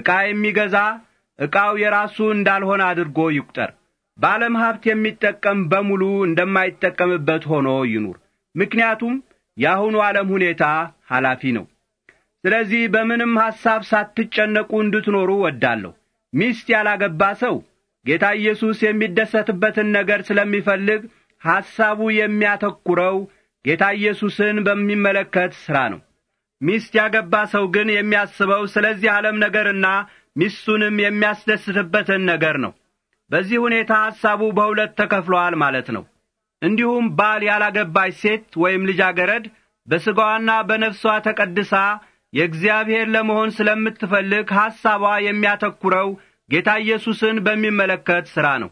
ዕቃ የሚገዛ ዕቃው የራሱ እንዳልሆነ አድርጎ ይቁጠር። ባለም ሀብት የሚጠቀም በሙሉ እንደማይጠቀምበት ሆኖ ይኑር። ምክንያቱም የአሁኑ ዓለም ሁኔታ ኃላፊ ነው። ስለዚህ በምንም ሐሳብ ሳትጨነቁ እንድትኖሩ ወዳለሁ። ሚስት ያላገባ ሰው ጌታ ኢየሱስ የሚደሰትበትን ነገር ስለሚፈልግ ሐሳቡ የሚያተኩረው ጌታ ኢየሱስን በሚመለከት ሥራ ነው። ሚስት ያገባ ሰው ግን የሚያስበው ስለዚህ ዓለም ነገርና ሚስቱንም የሚያስደስትበትን ነገር ነው። በዚህ ሁኔታ ሐሳቡ በሁለት ተከፍሏል ማለት ነው። እንዲሁም ባል ያላገባች ሴት ወይም ልጃገረድ በሥጋዋና በነፍሷ ተቀድሳ የእግዚአብሔር ለመሆን ስለምትፈልግ ሐሳቧ የሚያተኩረው ጌታ ኢየሱስን በሚመለከት ሥራ ነው።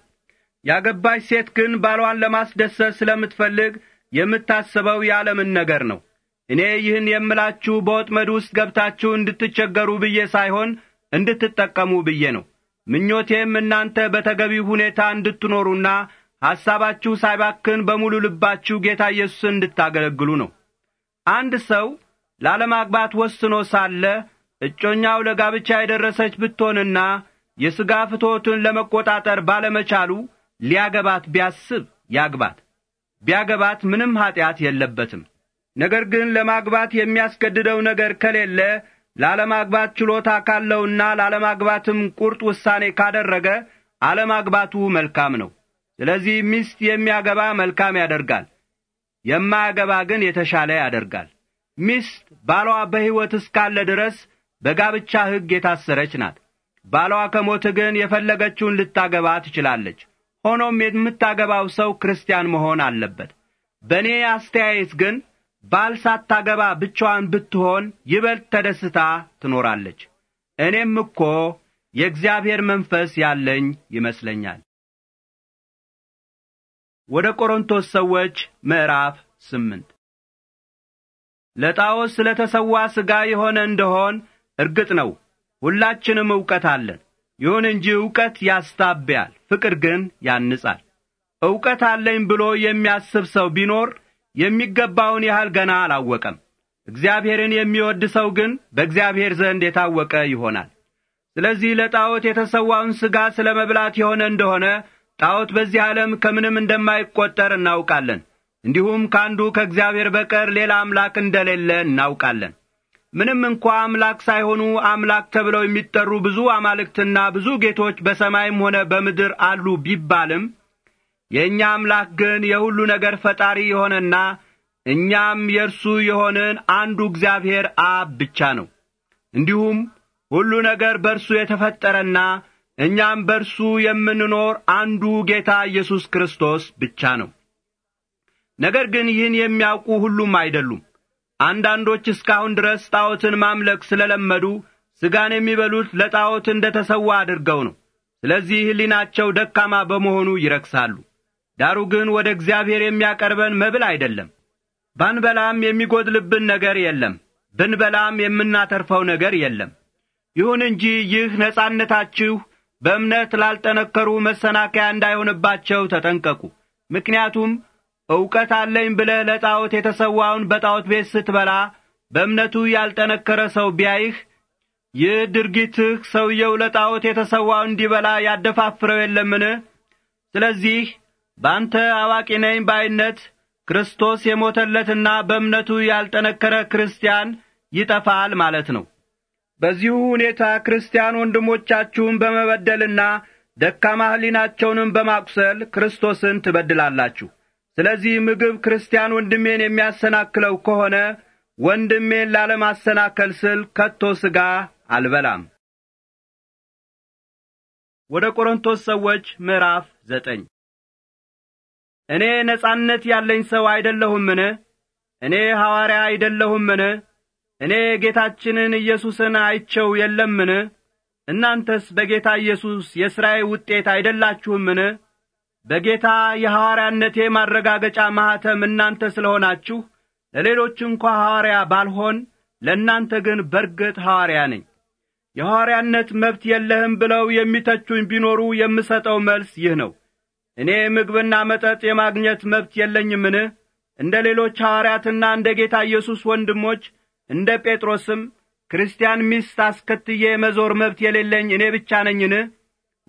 ያገባች ሴት ግን ባሏን ለማስደሰት ስለምትፈልግ የምታስበው የዓለምን ነገር ነው። እኔ ይህን የምላችሁ በወጥመድ ውስጥ ገብታችሁ እንድትቸገሩ ብዬ ሳይሆን እንድትጠቀሙ ብዬ ነው። ምኞቴም እናንተ በተገቢ ሁኔታ እንድትኖሩና ሐሳባችሁ ሳይባክን በሙሉ ልባችሁ ጌታ ኢየሱስን እንድታገለግሉ ነው። አንድ ሰው ላለማግባት ወስኖ ሳለ እጮኛው ለጋብቻ የደረሰች ብትሆንና የሥጋ ፍቶቱን ለመቆጣጠር ባለመቻሉ ሊያገባት ቢያስብ ያግባት። ቢያገባት ምንም ኀጢአት የለበትም። ነገር ግን ለማግባት የሚያስገድደው ነገር ከሌለ ላለማግባት ችሎታ ካለውና ላለማግባትም ቁርጥ ውሳኔ ካደረገ አለማግባቱ መልካም ነው። ስለዚህ ሚስት የሚያገባ መልካም ያደርጋል፣ የማያገባ ግን የተሻለ ያደርጋል። ሚስት ባሏ በሕይወት እስካለ ድረስ በጋብቻ ሕግ የታሰረች ናት። ባሏ ከሞተ ግን የፈለገችውን ልታገባ ትችላለች። ሆኖም የምታገባው ሰው ክርስቲያን መሆን አለበት። በእኔ አስተያየት ግን ባል ሳታገባ ብቻዋን ብትሆን ይበልጥ ተደስታ ትኖራለች። እኔም እኮ የእግዚአብሔር መንፈስ ያለኝ ይመስለኛል። ወደ ቆሮንቶስ ሰዎች ምዕራፍ ስምንት ለጣዖት ስለ ተሰዋ ሥጋ የሆነ እንደሆን እርግጥ ነው ሁላችንም ዕውቀት አለን። ይሁን እንጂ ዕውቀት ያስታብያል፣ ፍቅር ግን ያንጻል። ዕውቀት አለኝ ብሎ የሚያስብ ሰው ቢኖር የሚገባውን ያህል ገና አላወቀም። እግዚአብሔርን የሚወድ ሰው ግን በእግዚአብሔር ዘንድ የታወቀ ይሆናል። ስለዚህ ለጣዖት የተሰዋውን ሥጋ ስለ መብላት የሆነ እንደሆነ ጣዖት በዚህ ዓለም ከምንም እንደማይቈጠር እናውቃለን። እንዲሁም ከአንዱ ከእግዚአብሔር በቀር ሌላ አምላክ እንደሌለ እናውቃለን። ምንም እንኳ አምላክ ሳይሆኑ አምላክ ተብለው የሚጠሩ ብዙ አማልክትና ብዙ ጌቶች በሰማይም ሆነ በምድር አሉ ቢባልም የእኛ አምላክ ግን የሁሉ ነገር ፈጣሪ የሆነና እኛም የእርሱ የሆንን አንዱ እግዚአብሔር አብ ብቻ ነው። እንዲሁም ሁሉ ነገር በእርሱ የተፈጠረና እኛም በእርሱ የምንኖር አንዱ ጌታ ኢየሱስ ክርስቶስ ብቻ ነው። ነገር ግን ይህን የሚያውቁ ሁሉም አይደሉም። አንዳንዶች እስካሁን ድረስ ጣዖትን ማምለክ ስለለመዱ ሥጋን የሚበሉት ለጣዖት እንደ ተሰዋ አድርገው ነው። ስለዚህ ሕሊናቸው ደካማ በመሆኑ ይረክሳሉ። ዳሩ ግን ወደ እግዚአብሔር የሚያቀርበን መብል አይደለም። ባንበላም የሚጎድልብን ነገር የለም፣ ብንበላም የምናተርፈው ነገር የለም። ይሁን እንጂ ይህ ነጻነታችሁ በእምነት ላልጠነከሩ መሰናከያ እንዳይሆንባቸው ተጠንቀቁ። ምክንያቱም እውቀት አለኝ ብለህ ለጣዖት የተሰዋውን በጣዖት ቤት ስትበላ በእምነቱ ያልጠነከረ ሰው ቢያይህ ይህ ድርጊትህ ሰውየው ለጣዖት የተሰዋውን እንዲበላ ያደፋፍረው የለምን? ስለዚህ በአንተ አዋቂ ነኝ ባይነት ክርስቶስ የሞተለትና በእምነቱ ያልጠነከረ ክርስቲያን ይጠፋል ማለት ነው። በዚሁ ሁኔታ ክርስቲያን ወንድሞቻችሁን በመበደልና ደካማ ሕሊናቸውንም በማቁሰል ክርስቶስን ትበድላላችሁ። ስለዚህ ምግብ ክርስቲያን ወንድሜን የሚያሰናክለው ከሆነ ወንድሜን ላለማሰናከል ስል ከቶ ሥጋ አልበላም። ወደ ቆሮንቶስ ሰዎች ምዕራፍ ዘጠኝ እኔ ነጻነት ያለኝ ሰው አይደለሁምን? እኔ ሐዋርያ አይደለሁምን? እኔ ጌታችንን ኢየሱስን አይቸው የለምን? እናንተስ በጌታ ኢየሱስ የሥራዬ ውጤት አይደላችሁምን? በጌታ የሐዋርያነቴ ማረጋገጫ ማኅተም እናንተ ስለሆናችሁ ለሌሎች እንኳ ሐዋርያ ባልሆን ለእናንተ ግን በርግጥ ሐዋርያ ነኝ። የሐዋርያነት መብት የለህም ብለው የሚተቹኝ ቢኖሩ የምሰጠው መልስ ይህ ነው። እኔ ምግብና መጠጥ የማግኘት መብት የለኝምን? እንደ ሌሎች ሐዋርያትና እንደ ጌታ ኢየሱስ ወንድሞች እንደ ጴጥሮስም ክርስቲያን ሚስት አስከትዬ የመዞር መብት የሌለኝ እኔ ብቻ ነኝን?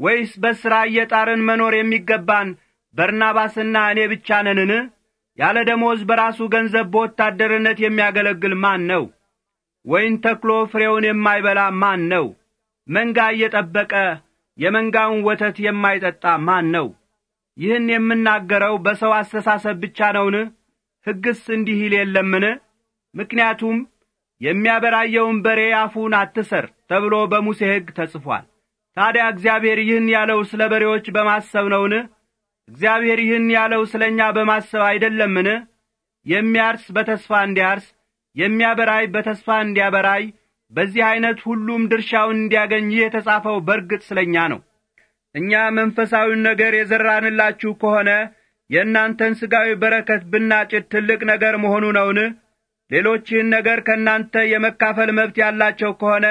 ወይስ በሥራ እየጣርን መኖር የሚገባን በርናባስና እኔ ብቻ ነንን? ያለ ደሞዝ በራሱ ገንዘብ በወታደርነት የሚያገለግል ማን ነው? ወይን ተክሎ ፍሬውን የማይበላ ማን ነው? መንጋ እየጠበቀ የመንጋውን ወተት የማይጠጣ ማን ነው? ይህን የምናገረው በሰው አስተሳሰብ ብቻ ነውን? ሕግስ እንዲህ ይል የለምን? ምክንያቱም የሚያበራየውን በሬ አፉን አትሰር ተብሎ በሙሴ ሕግ ተጽፏል። ታዲያ እግዚአብሔር ይህን ያለው ስለ በሬዎች በማሰብ ነውን? እግዚአብሔር ይህን ያለው ስለ እኛ በማሰብ አይደለምን? የሚያርስ በተስፋ እንዲያርስ፣ የሚያበራይ በተስፋ እንዲያበራይ፣ በዚህ ዐይነት ሁሉም ድርሻውን እንዲያገኝ ይህ የተጻፈው በርግጥ ስለ እኛ ነው። እኛ መንፈሳዊን ነገር የዘራንላችሁ ከሆነ የእናንተን ሥጋዊ በረከት ብናጭድ ትልቅ ነገር መሆኑ ነውን? ሌሎች ይህን ነገር ከእናንተ የመካፈል መብት ያላቸው ከሆነ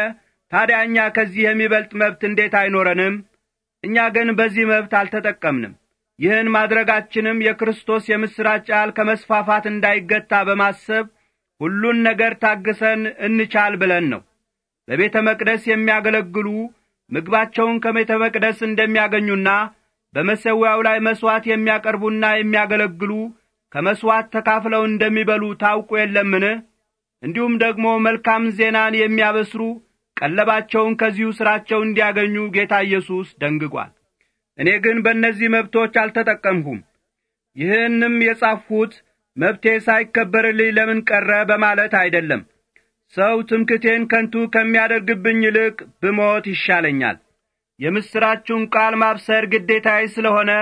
ታዲያ እኛ ከዚህ የሚበልጥ መብት እንዴት አይኖረንም? እኛ ግን በዚህ መብት አልተጠቀምንም። ይህን ማድረጋችንም የክርስቶስ የምሥራች ቃል ከመስፋፋት እንዳይገታ በማሰብ ሁሉን ነገር ታግሰን እንቻል ብለን ነው። በቤተ መቅደስ የሚያገለግሉ ምግባቸውን ከቤተ መቅደስ እንደሚያገኙና በመሠዊያው ላይ መሥዋዕት የሚያቀርቡና የሚያገለግሉ ከመሥዋዕት ተካፍለው እንደሚበሉ ታውቁ የለምን? እንዲሁም ደግሞ መልካም ዜናን የሚያበስሩ ቀለባቸውን ከዚሁ ሥራቸው እንዲያገኙ ጌታ ኢየሱስ ደንግጓል። እኔ ግን በእነዚህ መብቶች አልተጠቀምሁም። ይህንም የጻፍሁት መብቴ ሳይከበርልኝ ለምን ቀረ በማለት አይደለም። ሰው ትምክቴን ከንቱ ከሚያደርግብኝ ይልቅ ብሞት ይሻለኛል። የምሥራችሁን ቃል ማብሰር ግዴታዬ ስለሆነ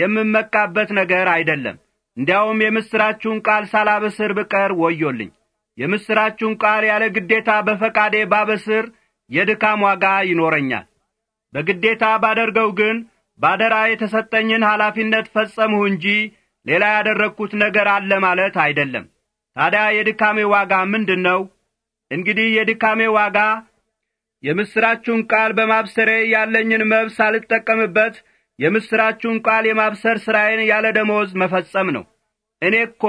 የምመካበት ነገር አይደለም። እንዲያውም የምሥራችሁን ቃል ሳላበስር ብቀር ወዮልኝ። የምሥራችሁን ቃል ያለ ግዴታ በፈቃዴ ባበስር የድካም ዋጋ ይኖረኛል። በግዴታ ባደርገው ግን ባደራ የተሰጠኝን ኃላፊነት ፈጸምሁ እንጂ ሌላ ያደረግሁት ነገር አለ ማለት አይደለም። ታዲያ የድካሜ ዋጋ ምንድን ነው? እንግዲህ የድካሜ ዋጋ የምሥራችሁን ቃል በማብሰሬ ያለኝን መብት ሳልጠቀምበት የምሥራችሁን ቃል የማብሰር ሥራዬን ያለ ደሞዝ መፈጸም ነው። እኔ እኮ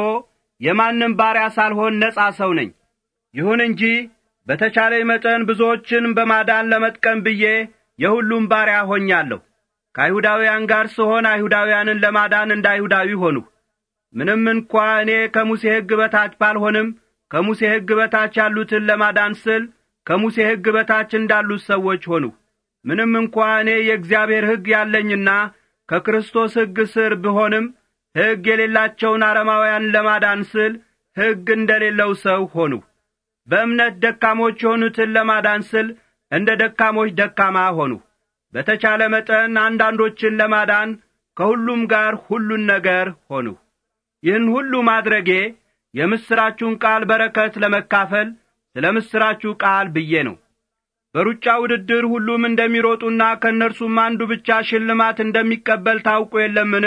የማንም ባሪያ ሳልሆን ነጻ ሰው ነኝ። ይሁን እንጂ በተቻለ መጠን ብዙዎችን በማዳን ለመጥቀም ብዬ የሁሉም ባሪያ ሆኛለሁ። ከአይሁዳውያን ጋር ስሆን አይሁዳውያንን ለማዳን እንደ አይሁዳዊ ሆንሁ። ምንም እንኳ እኔ ከሙሴ ሕግ በታች ባልሆንም ከሙሴ ሕግ በታች ያሉትን ለማዳን ስል ከሙሴ ሕግ በታች እንዳሉት ሰዎች ሆንሁ። ምንም እንኳ እኔ የእግዚአብሔር ሕግ ያለኝና ከክርስቶስ ሕግ ስር ብሆንም ሕግ የሌላቸውን አረማውያን ለማዳን ስል ሕግ እንደሌለው ሰው ሆኑ። በእምነት ደካሞች የሆኑትን ለማዳን ስል እንደ ደካሞች ደካማ ሆኑ። በተቻለ መጠን አንዳንዶችን ለማዳን ከሁሉም ጋር ሁሉን ነገር ሆኑ። ይህን ሁሉ ማድረጌ የምሥራችሁን ቃል በረከት ለመካፈል ስለ ምሥራችሁ ቃል ብዬ ነው። በሩጫ ውድድር ሁሉም እንደሚሮጡና ከእነርሱም አንዱ ብቻ ሽልማት እንደሚቀበል ታውቆ የለምን?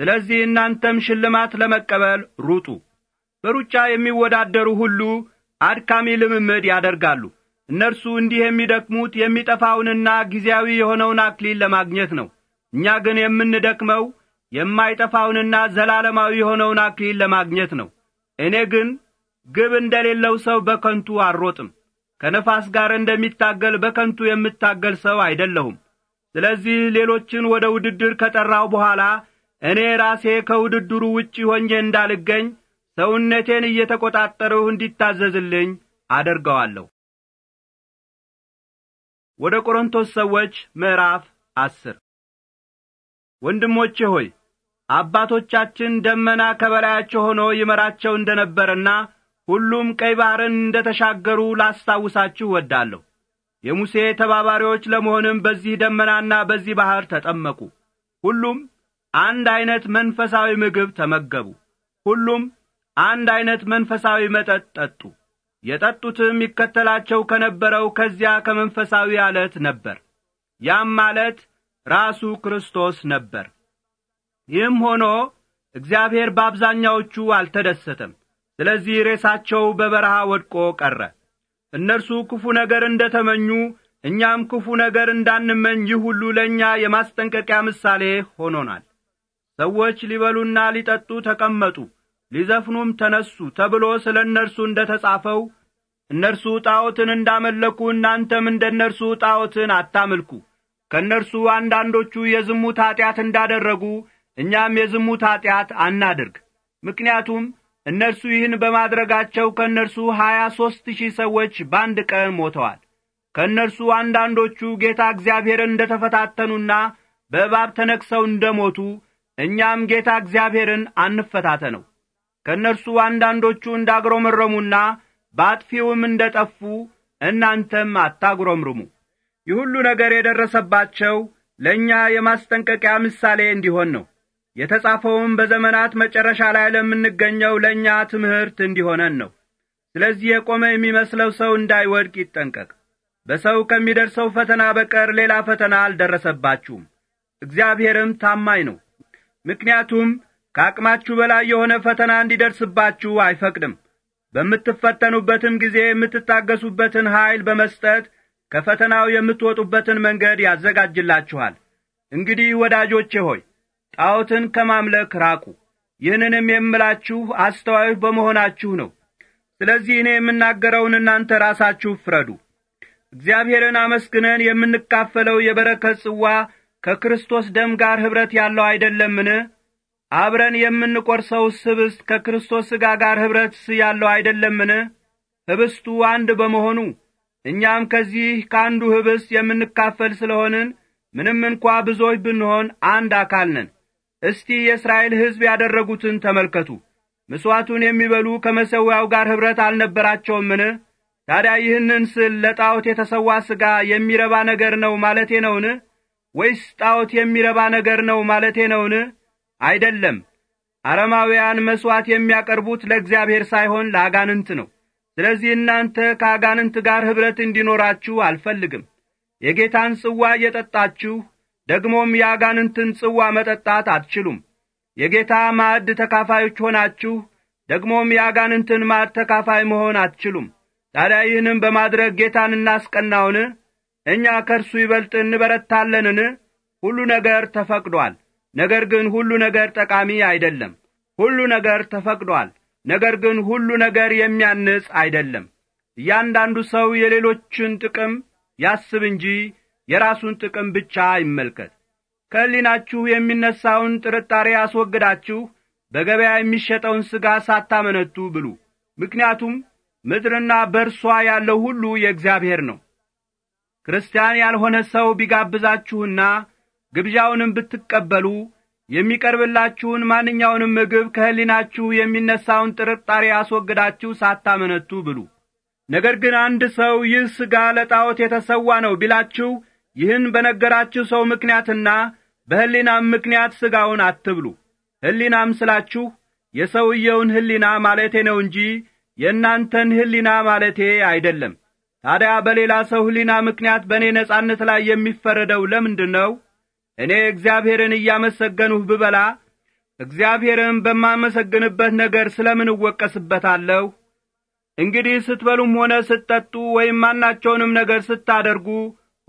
ስለዚህ እናንተም ሽልማት ለመቀበል ሩጡ በሩጫ የሚወዳደሩ ሁሉ አድካሚ ልምምድ ያደርጋሉ እነርሱ እንዲህ የሚደክሙት የሚጠፋውንና ጊዜያዊ የሆነውን አክሊል ለማግኘት ነው እኛ ግን የምንደክመው የማይጠፋውንና ዘላለማዊ የሆነውን አክሊል ለማግኘት ነው እኔ ግን ግብ እንደሌለው ሰው በከንቱ አልሮጥም ከነፋስ ጋር እንደሚታገል በከንቱ የምታገል ሰው አይደለሁም ስለዚህ ሌሎችን ወደ ውድድር ከጠራው በኋላ እኔ ራሴ ከውድድሩ ውጪ ሆኜ እንዳልገኝ ሰውነቴን እየተቈጣጠርሁ እንዲታዘዝልኝ አደርገዋለሁ። ወደ ቆሮንቶስ ሰዎች ምዕራፍ አስር ወንድሞቼ ሆይ አባቶቻችን ደመና ከበላያቸው ሆኖ ይመራቸው እንደ ነበርና ሁሉም ቀይ ባሕርን እንደ ተሻገሩ ላስታውሳችሁ እወዳለሁ። የሙሴ ተባባሪዎች ለመሆንም በዚህ ደመናና በዚህ ባሕር ተጠመቁ። ሁሉም አንድ አይነት መንፈሳዊ ምግብ ተመገቡ ሁሉም አንድ አይነት መንፈሳዊ መጠጥ ጠጡ የጠጡትም ይከተላቸው ከነበረው ከዚያ ከመንፈሳዊ አለት ነበር ያም ማለት ራሱ ክርስቶስ ነበር ይህም ሆኖ እግዚአብሔር በአብዛኛዎቹ አልተደሰተም ስለዚህ ሬሳቸው በበረሃ ወድቆ ቀረ እነርሱ ክፉ ነገር እንደ ተመኙ እኛም ክፉ ነገር እንዳንመኝ ይህ ሁሉ ለእኛ የማስጠንቀቂያ ምሳሌ ሆኖናል ሰዎች ሊበሉና ሊጠጡ ተቀመጡ፣ ሊዘፍኑም ተነሱ ተብሎ ስለ እነርሱ እንደ ተጻፈው እነርሱ ጣዖትን እንዳመለኩ እናንተም እንደ እነርሱ ጣዖትን አታምልኩ። ከእነርሱ አንዳንዶቹ የዝሙት ኀጢአት እንዳደረጉ እኛም የዝሙት ኀጢአት አናድርግ። ምክንያቱም እነርሱ ይህን በማድረጋቸው ከእነርሱ ሀያ ሦስት ሺህ ሰዎች በአንድ ቀን ሞተዋል። ከእነርሱ አንዳንዶቹ ጌታ እግዚአብሔርን እንደ ተፈታተኑና በእባብ ተነክሰው እንደ ሞቱ እኛም ጌታ እግዚአብሔርን አንፈታተነው። ከእነርሱ አንዳንዶቹ እንዳግሮመረሙና በአጥፊውም እንደ ጠፉ እናንተም አታጉረምርሙ። ይህ ሁሉ ነገር የደረሰባቸው ለእኛ የማስጠንቀቂያ ምሳሌ እንዲሆን ነው። የተጻፈውም በዘመናት መጨረሻ ላይ ለምንገኘው ለእኛ ትምህርት እንዲሆነን ነው። ስለዚህ የቆመ የሚመስለው ሰው እንዳይወድቅ ይጠንቀቅ። በሰው ከሚደርሰው ፈተና በቀር ሌላ ፈተና አልደረሰባችሁም። እግዚአብሔርም ታማኝ ነው ምክንያቱም ከአቅማችሁ በላይ የሆነ ፈተና እንዲደርስባችሁ አይፈቅድም። በምትፈተኑበትም ጊዜ የምትታገሱበትን ኀይል በመስጠት ከፈተናው የምትወጡበትን መንገድ ያዘጋጅላችኋል። እንግዲህ ወዳጆቼ ሆይ ጣዖትን ከማምለክ ራቁ። ይህንንም የምላችሁ አስተዋዮች በመሆናችሁ ነው። ስለዚህ እኔ የምናገረውን እናንተ ራሳችሁ ፍረዱ። እግዚአብሔርን አመስግነን የምንካፈለው የበረከት ጽዋ ከክርስቶስ ደም ጋር ኅብረት ያለው አይደለምን? አብረን የምንቈርሰው ህብስት ከክርስቶስ ሥጋ ጋር ኅብረት ያለው አይደለምን? ህብስቱ አንድ በመሆኑ እኛም ከዚህ ከአንዱ ህብስት የምንካፈል ስለ ሆንን ምንም እንኳ ብዙዎች ብንሆን አንድ አካል ነን። እስቲ የእስራኤል ሕዝብ ያደረጉትን ተመልከቱ። ምሥዋዕቱን የሚበሉ ከመሠዊያው ጋር ኅብረት አልነበራቸውምን? ታዲያ ይህንን ስል ለጣዖት የተሠዋ ሥጋ የሚረባ ነገር ነው ማለቴ ነውን? ወይስ ጣዖት የሚረባ ነገር ነው ማለቴ ነውን? አይደለም። አረማውያን መሥዋዕት የሚያቀርቡት ለእግዚአብሔር ሳይሆን ለአጋንንት ነው። ስለዚህ እናንተ ከአጋንንት ጋር ኅብረት እንዲኖራችሁ አልፈልግም። የጌታን ጽዋ እየጠጣችሁ ደግሞም የአጋንንትን ጽዋ መጠጣት አትችሉም። የጌታ ማዕድ ተካፋዮች ሆናችሁ ደግሞም የአጋንንትን ማዕድ ተካፋይ መሆን አትችሉም። ታዲያ ይህንም በማድረግ ጌታን እናስቀናውን? እኛ ከእርሱ ይበልጥ እንበረታለንን? ሁሉ ነገር ተፈቅዷል፣ ነገር ግን ሁሉ ነገር ጠቃሚ አይደለም። ሁሉ ነገር ተፈቅዷል፣ ነገር ግን ሁሉ ነገር የሚያንጽ አይደለም። እያንዳንዱ ሰው የሌሎችን ጥቅም ያስብ እንጂ የራሱን ጥቅም ብቻ ይመልከት። ከሕሊናችሁ የሚነሣውን ጥርጣሬ አስወግዳችሁ በገበያ የሚሸጠውን ሥጋ ሳታመነቱ ብሉ። ምክንያቱም ምድርና በርሷ ያለው ሁሉ የእግዚአብሔር ነው። ክርስቲያን ያልሆነ ሰው ቢጋብዛችሁና ግብዣውንም ብትቀበሉ የሚቀርብላችሁን ማንኛውንም ምግብ ከሕሊናችሁ የሚነሣውን ጥርጣሬ አስወግዳችሁ ሳታመነቱ ብሉ። ነገር ግን አንድ ሰው ይህ ሥጋ ለጣዖት የተሰዋ ነው ቢላችሁ ይህን በነገራችሁ ሰው ምክንያትና በሕሊናም ምክንያት ሥጋውን አትብሉ። ሕሊናም ስላችሁ የሰውየውን ሕሊና ማለቴ ነው እንጂ የእናንተን ሕሊና ማለቴ አይደለም። ታዲያ በሌላ ሰው ሕሊና ምክንያት በእኔ ነጻነት ላይ የሚፈረደው ለምንድን ነው? እኔ እግዚአብሔርን እያመሰገንሁ ብበላ እግዚአብሔርን በማመሰግንበት ነገር ምን እወቀስበታለሁ? እንግዲህ ስትበሉም ሆነ ስትጠጡ ወይም ማናቸውንም ነገር ስታደርጉ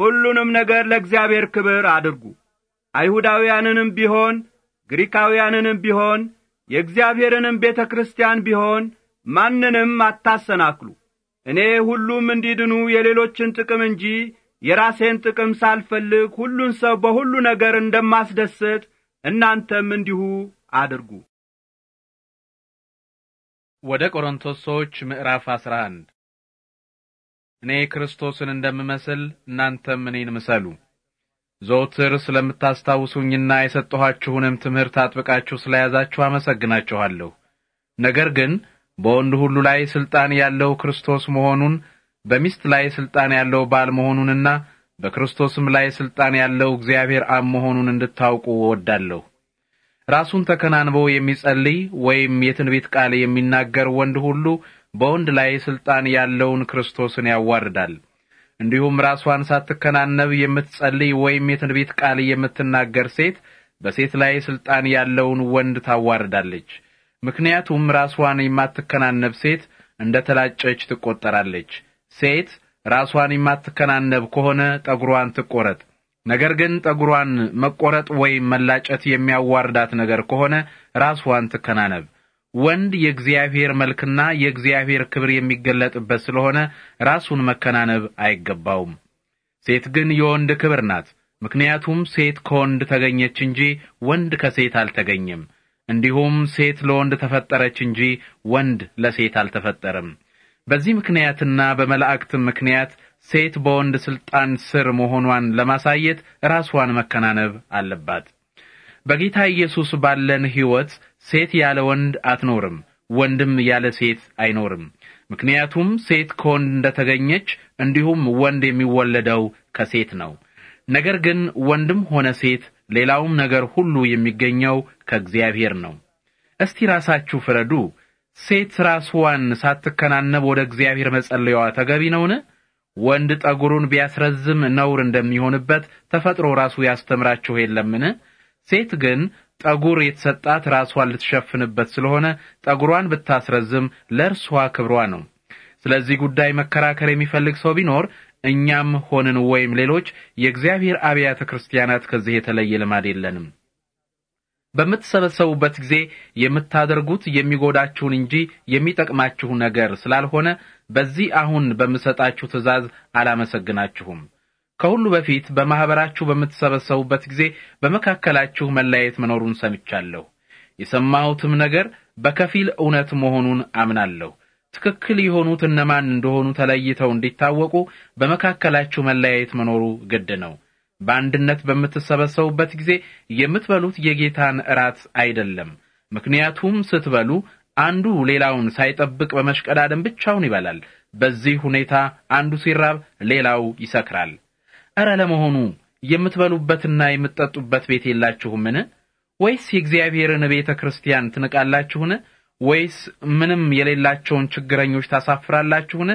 ሁሉንም ነገር ለእግዚአብሔር ክብር አድርጉ። አይሁዳውያንንም ቢሆን ግሪካውያንንም ቢሆን የእግዚአብሔርንም ቤተ ክርስቲያን ቢሆን ማንንም አታሰናክሉ። እኔ ሁሉም እንዲድኑ የሌሎችን ጥቅም እንጂ የራሴን ጥቅም ሳልፈልግ ሁሉን ሰው በሁሉ ነገር እንደማስደሰት እናንተም እንዲሁ አድርጉ። ወደ ቆሮንቶስ ሰዎች ምዕራፍ አስራ አንድ እኔ ክርስቶስን እንደምመስል እናንተም እኔን ምሰሉ። ዘውትር ስለምታስታውሱኝና የሰጠኋችሁንም ትምህርት አጥብቃችሁ ስለያዛችሁ አመሰግናችኋለሁ። ነገር ግን በወንድ ሁሉ ላይ ስልጣን ያለው ክርስቶስ መሆኑን በሚስት ላይ ስልጣን ያለው ባል መሆኑንና በክርስቶስም ላይ ስልጣን ያለው እግዚአብሔር አብ መሆኑን እንድታውቁ እወዳለሁ። ራሱን ተከናንቦ የሚጸልይ ወይም የትንቢት ቃል የሚናገር ወንድ ሁሉ በወንድ ላይ ስልጣን ያለውን ክርስቶስን ያዋርዳል። እንዲሁም ራሷን ሳትከናነብ የምትጸልይ ወይም የትንቢት ቃል የምትናገር ሴት በሴት ላይ ስልጣን ያለውን ወንድ ታዋርዳለች። ምክንያቱም ራስዋን የማትከናነብ ሴት እንደ ተላጨች ትቆጠራለች። ሴት ራሷን የማትከናነብ ከሆነ ጠጉሯን ትቆረጥ። ነገር ግን ጠጉሯን መቆረጥ ወይም መላጨት የሚያዋርዳት ነገር ከሆነ ራስዋን ትከናነብ። ወንድ የእግዚአብሔር መልክና የእግዚአብሔር ክብር የሚገለጥበት ስለሆነ ራሱን መከናነብ አይገባውም። ሴት ግን የወንድ ክብር ናት። ምክንያቱም ሴት ከወንድ ተገኘች እንጂ ወንድ ከሴት አልተገኘም። እንዲሁም ሴት ለወንድ ተፈጠረች እንጂ ወንድ ለሴት አልተፈጠረም። በዚህ ምክንያትና በመላእክትም ምክንያት ሴት በወንድ ስልጣን ስር መሆኗን ለማሳየት ራስዋን መከናነብ አለባት። በጌታ ኢየሱስ ባለን ሕይወት ሴት ያለ ወንድ አትኖርም፣ ወንድም ያለ ሴት አይኖርም። ምክንያቱም ሴት ከወንድ እንደተገኘች እንዲሁም ወንድ የሚወለደው ከሴት ነው። ነገር ግን ወንድም ሆነ ሴት ሌላውም ነገር ሁሉ የሚገኘው ከእግዚአብሔር ነው። እስቲ ራሳችሁ ፍረዱ። ሴት ራስዋን ሳትከናነብ ወደ እግዚአብሔር መጸለያዋ ተገቢ ነውን? ወንድ ጠጉሩን ቢያስረዝም ነውር እንደሚሆንበት ተፈጥሮ ራሱ ያስተምራችሁ የለምን? ሴት ግን ጠጉር የተሰጣት ራሷን ልትሸፍንበት ስለሆነ ጠጉሯን ብታስረዝም ለእርሷ ክብሯ ነው። ስለዚህ ጉዳይ መከራከር የሚፈልግ ሰው ቢኖር እኛም ሆንን ወይም ሌሎች የእግዚአብሔር አብያተ ክርስቲያናት ከዚህ የተለየ ልማድ የለንም። በምትሰበሰቡበት ጊዜ የምታደርጉት የሚጎዳችሁን እንጂ የሚጠቅማችሁ ነገር ስላልሆነ በዚህ አሁን በምሰጣችሁ ትእዛዝ አላመሰግናችሁም። ከሁሉ በፊት በማኅበራችሁ በምትሰበሰቡበት ጊዜ በመካከላችሁ መለያየት መኖሩን ሰምቻለሁ። የሰማሁትም ነገር በከፊል እውነት መሆኑን አምናለሁ። ትክክል የሆኑት እነማን እንደሆኑ ተለይተው እንዲታወቁ በመካከላችሁ መለያየት መኖሩ ግድ ነው። በአንድነት በምትሰበሰቡበት ጊዜ የምትበሉት የጌታን እራት አይደለም። ምክንያቱም ስትበሉ አንዱ ሌላውን ሳይጠብቅ በመሽቀዳደም ብቻውን ይበላል። በዚህ ሁኔታ አንዱ ሲራብ ሌላው ይሰክራል። እረ ለመሆኑ የምትበሉበትና የምትጠጡበት ቤት የላችሁምን? ወይስ የእግዚአብሔርን ቤተ ክርስቲያን ትንቃላችሁን? ወይስ ምንም የሌላቸውን ችግረኞች ታሳፍራላችሁን?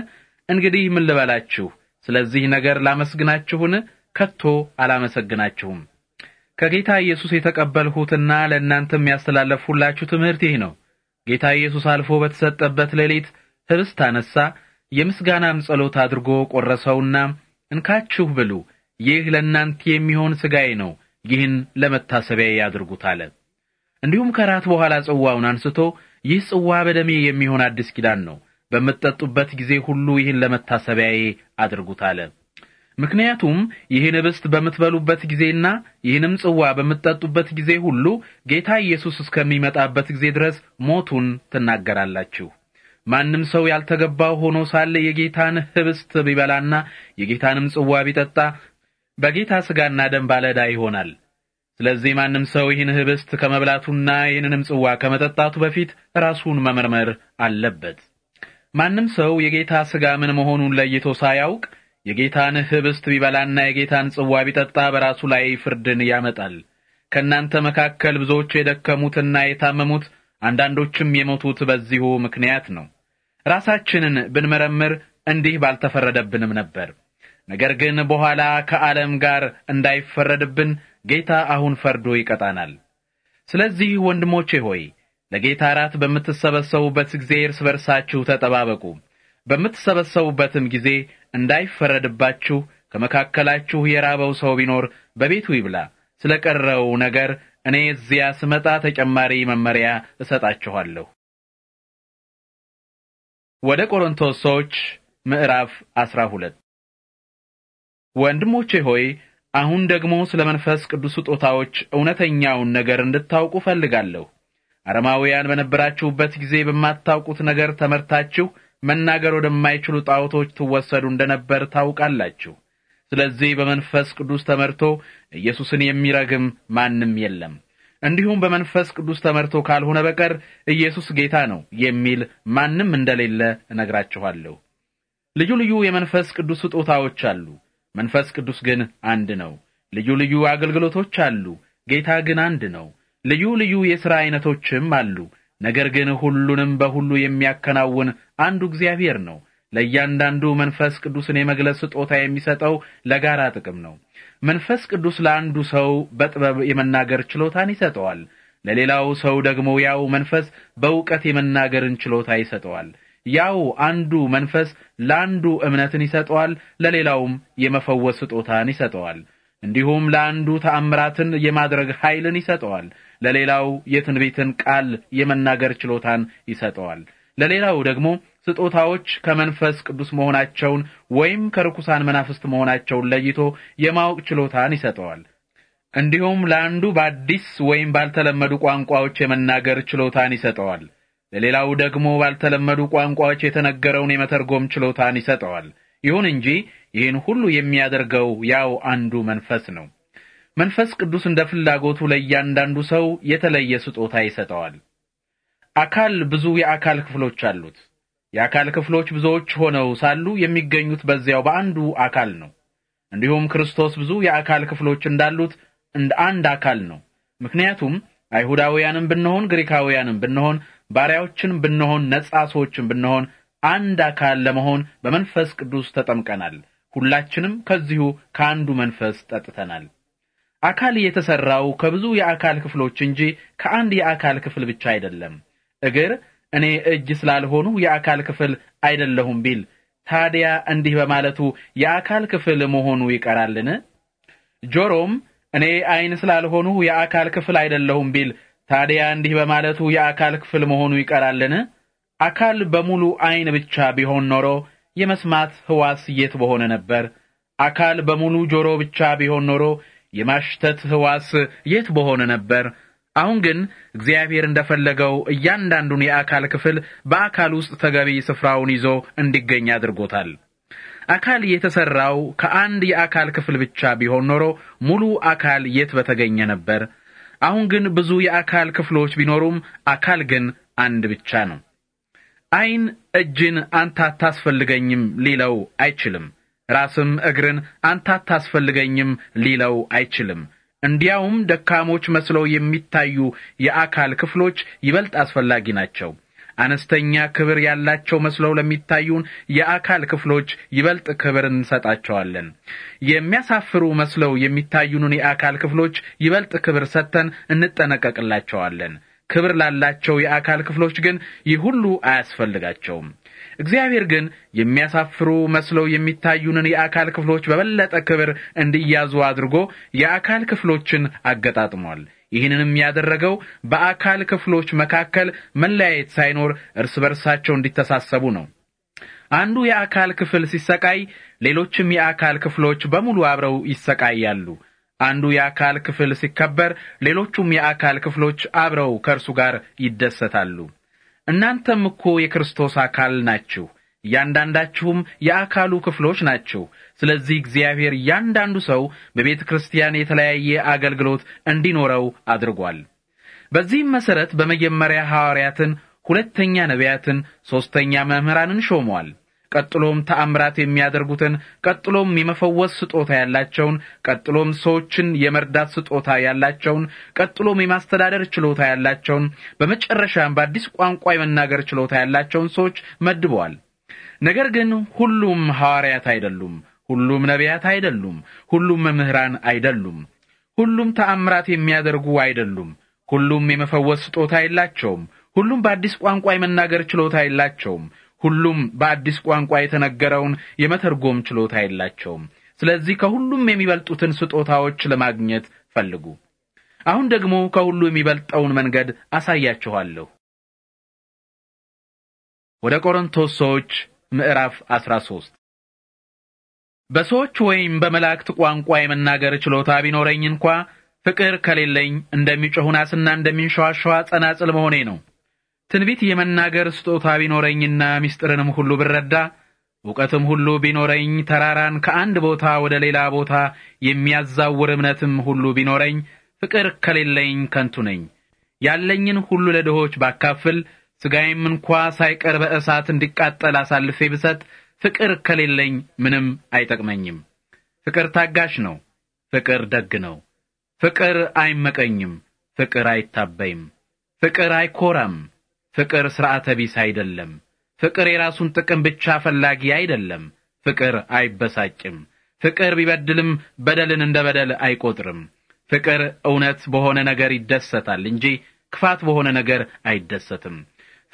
እንግዲህ ምን ልበላችሁ? ስለዚህ ነገር ላመስግናችሁን? ከቶ አላመሰግናችሁም። ከጌታ ኢየሱስ የተቀበልሁትና ለእናንተም ያስተላለፍሁላችሁ ትምህርት ይህ ነው። ጌታ ኢየሱስ አልፎ በተሰጠበት ሌሊት ህብስት አነሳ፣ የምስጋናም ጸሎት አድርጎ ቆረሰውና እንካችሁ ብሉ፣ ይህ ለእናንተ የሚሆን ሥጋዬ ነው፣ ይህን ለመታሰቢያ ያድርጉት አለ። እንዲሁም ከራት በኋላ ጽዋውን አንስቶ ይህ ጽዋ በደሜ የሚሆን አዲስ ኪዳን ነው፣ በምትጠጡበት ጊዜ ሁሉ ይህን ለመታሰቢያዬ አድርጉት አለ። ምክንያቱም ይህን ኅብስት በምትበሉበት ጊዜና ይህንም ጽዋ በምትጠጡበት ጊዜ ሁሉ ጌታ ኢየሱስ እስከሚመጣበት ጊዜ ድረስ ሞቱን ትናገራላችሁ። ማንም ሰው ያልተገባው ሆኖ ሳለ የጌታን ኅብስት ቢበላና የጌታንም ጽዋ ቢጠጣ በጌታ ሥጋና ደም ባለዕዳ ይሆናል። ስለዚህ ማንም ሰው ይህን ኅብስት ከመብላቱና ይህንንም ጽዋ ከመጠጣቱ በፊት ራሱን መመርመር አለበት። ማንም ሰው የጌታ ሥጋ ምን መሆኑን ለይቶ ሳያውቅ የጌታን ህብስት ቢበላና የጌታን ጽዋ ቢጠጣ በራሱ ላይ ፍርድን ያመጣል። ከእናንተ መካከል ብዙዎቹ የደከሙትና የታመሙት አንዳንዶችም የሞቱት በዚሁ ምክንያት ነው። ራሳችንን ብንመረምር እንዲህ ባልተፈረደብንም ነበር። ነገር ግን በኋላ ከዓለም ጋር እንዳይፈረድብን ጌታ አሁን ፈርዶ ይቀጣናል። ስለዚህ ወንድሞቼ ሆይ ለጌታ እራት በምትሰበሰቡበት ጊዜ እርስ በርሳችሁ ተጠባበቁ። በምትሰበሰቡበትም ጊዜ እንዳይፈረድባችሁ ከመካከላችሁ የራበው ሰው ቢኖር በቤቱ ይብላ። ስለ ቀረው ነገር እኔ እዚያ ስመጣ ተጨማሪ መመሪያ እሰጣችኋለሁ። ወደ ቆሮንቶስ ሰዎች ምዕራፍ አስራ ሁለት ወንድሞቼ ሆይ አሁን ደግሞ ስለ መንፈስ ቅዱስ ስጦታዎች እውነተኛውን ነገር እንድታውቁ ፈልጋለሁ። አረማውያን በነበራችሁበት ጊዜ በማታውቁት ነገር ተመርታችሁ መናገር ወደማይችሉ ጣዖቶች ትወሰዱ እንደነበር ታውቃላችሁ። ስለዚህ በመንፈስ ቅዱስ ተመርቶ ኢየሱስን የሚረግም ማንም የለም። እንዲሁም በመንፈስ ቅዱስ ተመርቶ ካልሆነ በቀር ኢየሱስ ጌታ ነው የሚል ማንም እንደሌለ እነግራችኋለሁ። ልዩ ልዩ የመንፈስ ቅዱስ ስጦታዎች አሉ። መንፈስ ቅዱስ ግን አንድ ነው። ልዩ ልዩ አገልግሎቶች አሉ። ጌታ ግን አንድ ነው። ልዩ ልዩ የሥራ ዐይነቶችም አሉ። ነገር ግን ሁሉንም በሁሉ የሚያከናውን አንዱ እግዚአብሔር ነው። ለእያንዳንዱ መንፈስ ቅዱስን የመግለጽ ስጦታ የሚሰጠው ለጋራ ጥቅም ነው። መንፈስ ቅዱስ ለአንዱ ሰው በጥበብ የመናገር ችሎታን ይሰጠዋል። ለሌላው ሰው ደግሞ ያው መንፈስ በእውቀት የመናገርን ችሎታ ይሰጠዋል። ያው አንዱ መንፈስ ለአንዱ እምነትን ይሰጠዋል፣ ለሌላውም የመፈወስ ስጦታን ይሰጠዋል። እንዲሁም ለአንዱ ተአምራትን የማድረግ ኃይልን ይሰጠዋል፣ ለሌላው የትንቢትን ቃል የመናገር ችሎታን ይሰጠዋል። ለሌላው ደግሞ ስጦታዎች ከመንፈስ ቅዱስ መሆናቸውን ወይም ከርኩሳን መናፍስት መሆናቸውን ለይቶ የማወቅ ችሎታን ይሰጠዋል። እንዲሁም ለአንዱ በአዲስ ወይም ባልተለመዱ ቋንቋዎች የመናገር ችሎታን ይሰጠዋል። ለሌላው ደግሞ ባልተለመዱ ቋንቋዎች የተነገረውን የመተርጎም ችሎታን ይሰጠዋል። ይሁን እንጂ ይህን ሁሉ የሚያደርገው ያው አንዱ መንፈስ ነው። መንፈስ ቅዱስ እንደ ፍላጎቱ ለእያንዳንዱ ሰው የተለየ ስጦታ ይሰጠዋል። አካል ብዙ የአካል ክፍሎች አሉት። የአካል ክፍሎች ብዙዎች ሆነው ሳሉ የሚገኙት በዚያው በአንዱ አካል ነው። እንዲሁም ክርስቶስ ብዙ የአካል ክፍሎች እንዳሉት እንደ አንድ አካል ነው። ምክንያቱም አይሁዳውያንም ብንሆን ግሪካውያንም ብንሆን ባሪያዎችን ብንሆን ነጻ ሰዎችን ብንሆን አንድ አካል ለመሆን በመንፈስ ቅዱስ ተጠምቀናል። ሁላችንም ከዚሁ ከአንዱ መንፈስ ጠጥተናል። አካል የተሰራው ከብዙ የአካል ክፍሎች እንጂ ከአንድ የአካል ክፍል ብቻ አይደለም። እግር እኔ እጅ ስላልሆኑ የአካል ክፍል አይደለሁም ቢል ታዲያ እንዲህ በማለቱ የአካል ክፍል መሆኑ ይቀራልን? ጆሮም እኔ አይን ስላልሆኑ የአካል ክፍል አይደለሁም ቢል ታዲያ እንዲህ በማለቱ የአካል ክፍል መሆኑ ይቀራልን? አካል በሙሉ አይን ብቻ ቢሆን ኖሮ የመስማት ሕዋስ የት በሆነ ነበር? አካል በሙሉ ጆሮ ብቻ ቢሆን ኖሮ የማሽተት ህዋስ የት በሆነ ነበር? አሁን ግን እግዚአብሔር እንደፈለገው እያንዳንዱን የአካል ክፍል በአካል ውስጥ ተገቢ ስፍራውን ይዞ እንዲገኝ አድርጎታል። አካል የተሰራው ከአንድ የአካል ክፍል ብቻ ቢሆን ኖሮ ሙሉ አካል የት በተገኘ ነበር? አሁን ግን ብዙ የአካል ክፍሎች ቢኖሩም አካል ግን አንድ ብቻ ነው። ዓይን እጅን አንተ አታስፈልገኝም ሊለው አይችልም። ራስም እግርን አንተ አታስፈልገኝም ሊለው አይችልም። እንዲያውም ደካሞች መስለው የሚታዩ የአካል ክፍሎች ይበልጥ አስፈላጊ ናቸው። አነስተኛ ክብር ያላቸው መስለው ለሚታዩን የአካል ክፍሎች ይበልጥ ክብር እንሰጣቸዋለን። የሚያሳፍሩ መስለው የሚታዩንን የአካል ክፍሎች ይበልጥ ክብር ሰጥተን እንጠነቀቅላቸዋለን። ክብር ላላቸው የአካል ክፍሎች ግን ይህ ሁሉ አያስፈልጋቸውም። እግዚአብሔር ግን የሚያሳፍሩ መስለው የሚታዩንን የአካል ክፍሎች በበለጠ ክብር እንዲያዙ አድርጎ የአካል ክፍሎችን አገጣጥሟል። ይህንንም ያደረገው በአካል ክፍሎች መካከል መለያየት ሳይኖር እርስ በርሳቸው እንዲተሳሰቡ ነው። አንዱ የአካል ክፍል ሲሰቃይ፣ ሌሎችም የአካል ክፍሎች በሙሉ አብረው ይሰቃያሉ። አንዱ የአካል ክፍል ሲከበር፣ ሌሎቹም የአካል ክፍሎች አብረው ከእርሱ ጋር ይደሰታሉ። እናንተም እኮ የክርስቶስ አካል ናችሁ። እያንዳንዳችሁም የአካሉ ክፍሎች ናቸው። ስለዚህ እግዚአብሔር እያንዳንዱ ሰው በቤተ ክርስቲያን የተለያየ አገልግሎት እንዲኖረው አድርጓል። በዚህም መሰረት በመጀመሪያ ሐዋርያትን፣ ሁለተኛ ነቢያትን፣ ሦስተኛ መምህራንን ሾሟል። ቀጥሎም ተአምራት የሚያደርጉትን ቀጥሎም የመፈወስ ስጦታ ያላቸውን ቀጥሎም ሰዎችን የመርዳት ስጦታ ያላቸውን ቀጥሎም የማስተዳደር ችሎታ ያላቸውን በመጨረሻም በአዲስ ቋንቋ የመናገር ችሎታ ያላቸውን ሰዎች መድበዋል። ነገር ግን ሁሉም ሐዋርያት አይደሉም። ሁሉም ነቢያት አይደሉም። ሁሉም መምህራን አይደሉም። ሁሉም ተአምራት የሚያደርጉ አይደሉም። ሁሉም የመፈወስ ስጦታ የላቸውም። ሁሉም በአዲስ ቋንቋ የመናገር ችሎታ የላቸውም። ሁሉም በአዲስ ቋንቋ የተነገረውን የመተርጎም ችሎታ የላቸውም። ስለዚህ ከሁሉም የሚበልጡትን ስጦታዎች ለማግኘት ፈልጉ። አሁን ደግሞ ከሁሉ የሚበልጠውን መንገድ አሳያችኋለሁ። ወደ ቆሮንቶስ ሰዎች ምዕራፍ 13 በሰዎች ወይም በመላእክት ቋንቋ የመናገር ችሎታ ቢኖረኝ እንኳ ፍቅር ከሌለኝ እንደሚጮህ ናስና እንደሚንሸዋሸዋ ጸናጽል መሆኔ ነው። ትንቢት የመናገር ስጦታ ቢኖረኝና ምስጢርንም ሁሉ ብረዳ እውቀትም ሁሉ ቢኖረኝ ተራራን ከአንድ ቦታ ወደ ሌላ ቦታ የሚያዛውር እምነትም ሁሉ ቢኖረኝ ፍቅር ከሌለኝ ከንቱ ነኝ። ያለኝን ሁሉ ለድሆች ባካፍል ሥጋዬም እንኳ ሳይቀር በእሳት እንዲቃጠል አሳልፌ ብሰጥ ፍቅር ከሌለኝ ምንም አይጠቅመኝም። ፍቅር ታጋሽ ነው። ፍቅር ደግ ነው። ፍቅር አይመቀኝም። ፍቅር አይታበይም። ፍቅር አይኮራም። ፍቅር ስርዓተ ቢስ አይደለም። ፍቅር የራሱን ጥቅም ብቻ ፈላጊ አይደለም። ፍቅር አይበሳጭም። ፍቅር ቢበድልም በደልን እንደ በደል አይቆጥርም። ፍቅር እውነት በሆነ ነገር ይደሰታል እንጂ ክፋት በሆነ ነገር አይደሰትም።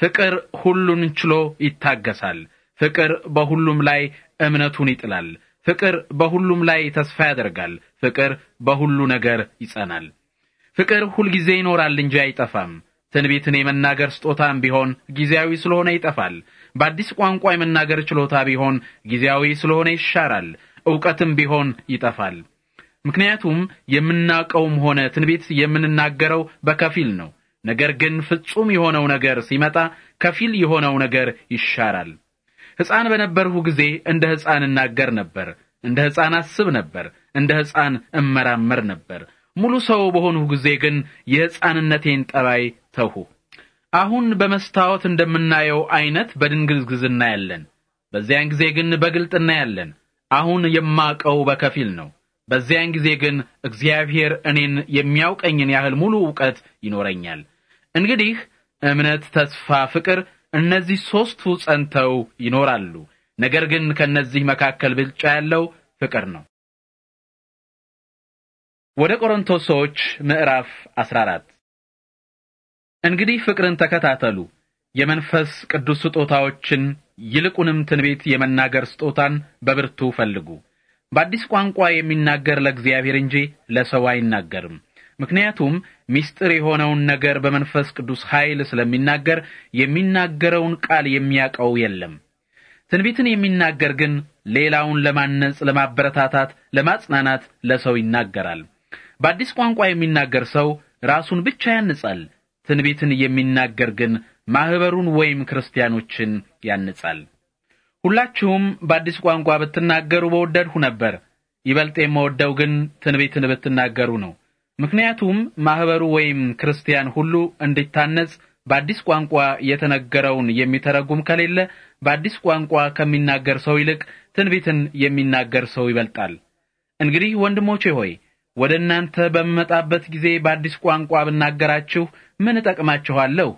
ፍቅር ሁሉን ችሎ ይታገሳል። ፍቅር በሁሉም ላይ እምነቱን ይጥላል። ፍቅር በሁሉም ላይ ተስፋ ያደርጋል። ፍቅር በሁሉ ነገር ይጸናል። ፍቅር ሁልጊዜ ይኖራል እንጂ አይጠፋም። ትንቢትን የመናገር ስጦታም ቢሆን ጊዜያዊ ስለሆነ ይጠፋል። በአዲስ ቋንቋ የመናገር ችሎታ ቢሆን ጊዜያዊ ስለሆነ ይሻራል። እውቀትም ቢሆን ይጠፋል። ምክንያቱም የምናውቀውም ሆነ ትንቢት የምንናገረው በከፊል ነው። ነገር ግን ፍጹም የሆነው ነገር ሲመጣ ከፊል የሆነው ነገር ይሻራል። ሕፃን በነበርሁ ጊዜ እንደ ሕፃን እናገር ነበር፣ እንደ ሕፃን አስብ ነበር፣ እንደ ሕፃን እመራመር ነበር። ሙሉ ሰው በሆንሁ ጊዜ ግን የሕፃንነቴን ጠባይ ተውሁ። አሁን በመስታወት እንደምናየው አይነት በድንግዝግዝ እናያለን። በዚያን ጊዜ ግን በግልጥ እናያለን። አሁን የማቀው በከፊል ነው። በዚያን ጊዜ ግን እግዚአብሔር እኔን የሚያውቀኝን ያህል ሙሉ ዕውቀት ይኖረኛል። እንግዲህ እምነት፣ ተስፋ፣ ፍቅር እነዚህ ሦስቱ ጸንተው ይኖራሉ። ነገር ግን ከነዚህ መካከል ብልጫ ያለው ፍቅር ነው። ወደ ቆሮንቶስ ሰዎች ምዕራፍ 14 እንግዲህ ፍቅርን ተከታተሉ። የመንፈስ ቅዱስ ስጦታዎችን ይልቁንም ትንቢት የመናገር ስጦታን በብርቱ ፈልጉ። በአዲስ ቋንቋ የሚናገር ለእግዚአብሔር እንጂ ለሰው አይናገርም። ምክንያቱም ምስጢር የሆነውን ነገር በመንፈስ ቅዱስ ኃይል ስለሚናገር የሚናገረውን ቃል የሚያውቀው የለም። ትንቢትን የሚናገር ግን ሌላውን ለማነጽ፣ ለማበረታታት፣ ለማጽናናት ለሰው ይናገራል። በአዲስ ቋንቋ የሚናገር ሰው ራሱን ብቻ ያንጻል፣ ትንቢትን የሚናገር ግን ማኅበሩን ወይም ክርስቲያኖችን ያንጻል። ሁላችሁም በአዲስ ቋንቋ ብትናገሩ በወደድሁ ነበር። ይበልጥ የምወደው ግን ትንቢትን ብትናገሩ ነው። ምክንያቱም ማኅበሩ ወይም ክርስቲያን ሁሉ እንዲታነጽ በአዲስ ቋንቋ የተነገረውን የሚተረጉም ከሌለ በአዲስ ቋንቋ ከሚናገር ሰው ይልቅ ትንቢትን የሚናገር ሰው ይበልጣል። እንግዲህ ወንድሞቼ ሆይ ወደ እናንተ በምመጣበት ጊዜ በአዲስ ቋንቋ ብናገራችሁ ምን እጠቅማችኋለሁ?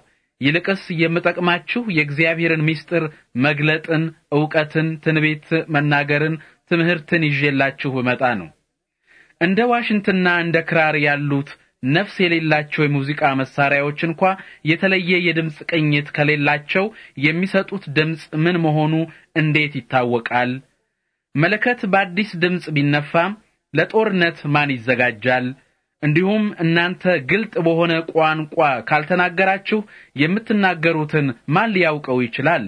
ይልቅስ የምጠቅማችሁ የእግዚአብሔርን ምስጢር መግለጥን፣ ዕውቀትን፣ ትንቢት መናገርን፣ ትምህርትን ይዤላችሁ ብመጣ ነው። እንደ ዋሽንትና እንደ ክራር ያሉት ነፍስ የሌላቸው የሙዚቃ መሳሪያዎች እንኳ የተለየ የድምፅ ቅኝት ከሌላቸው የሚሰጡት ድምፅ ምን መሆኑ እንዴት ይታወቃል? መለከት በአዲስ ድምፅ ቢነፋም ለጦርነት ማን ይዘጋጃል? እንዲሁም እናንተ ግልጥ በሆነ ቋንቋ ካልተናገራችሁ የምትናገሩትን ማን ሊያውቀው ይችላል?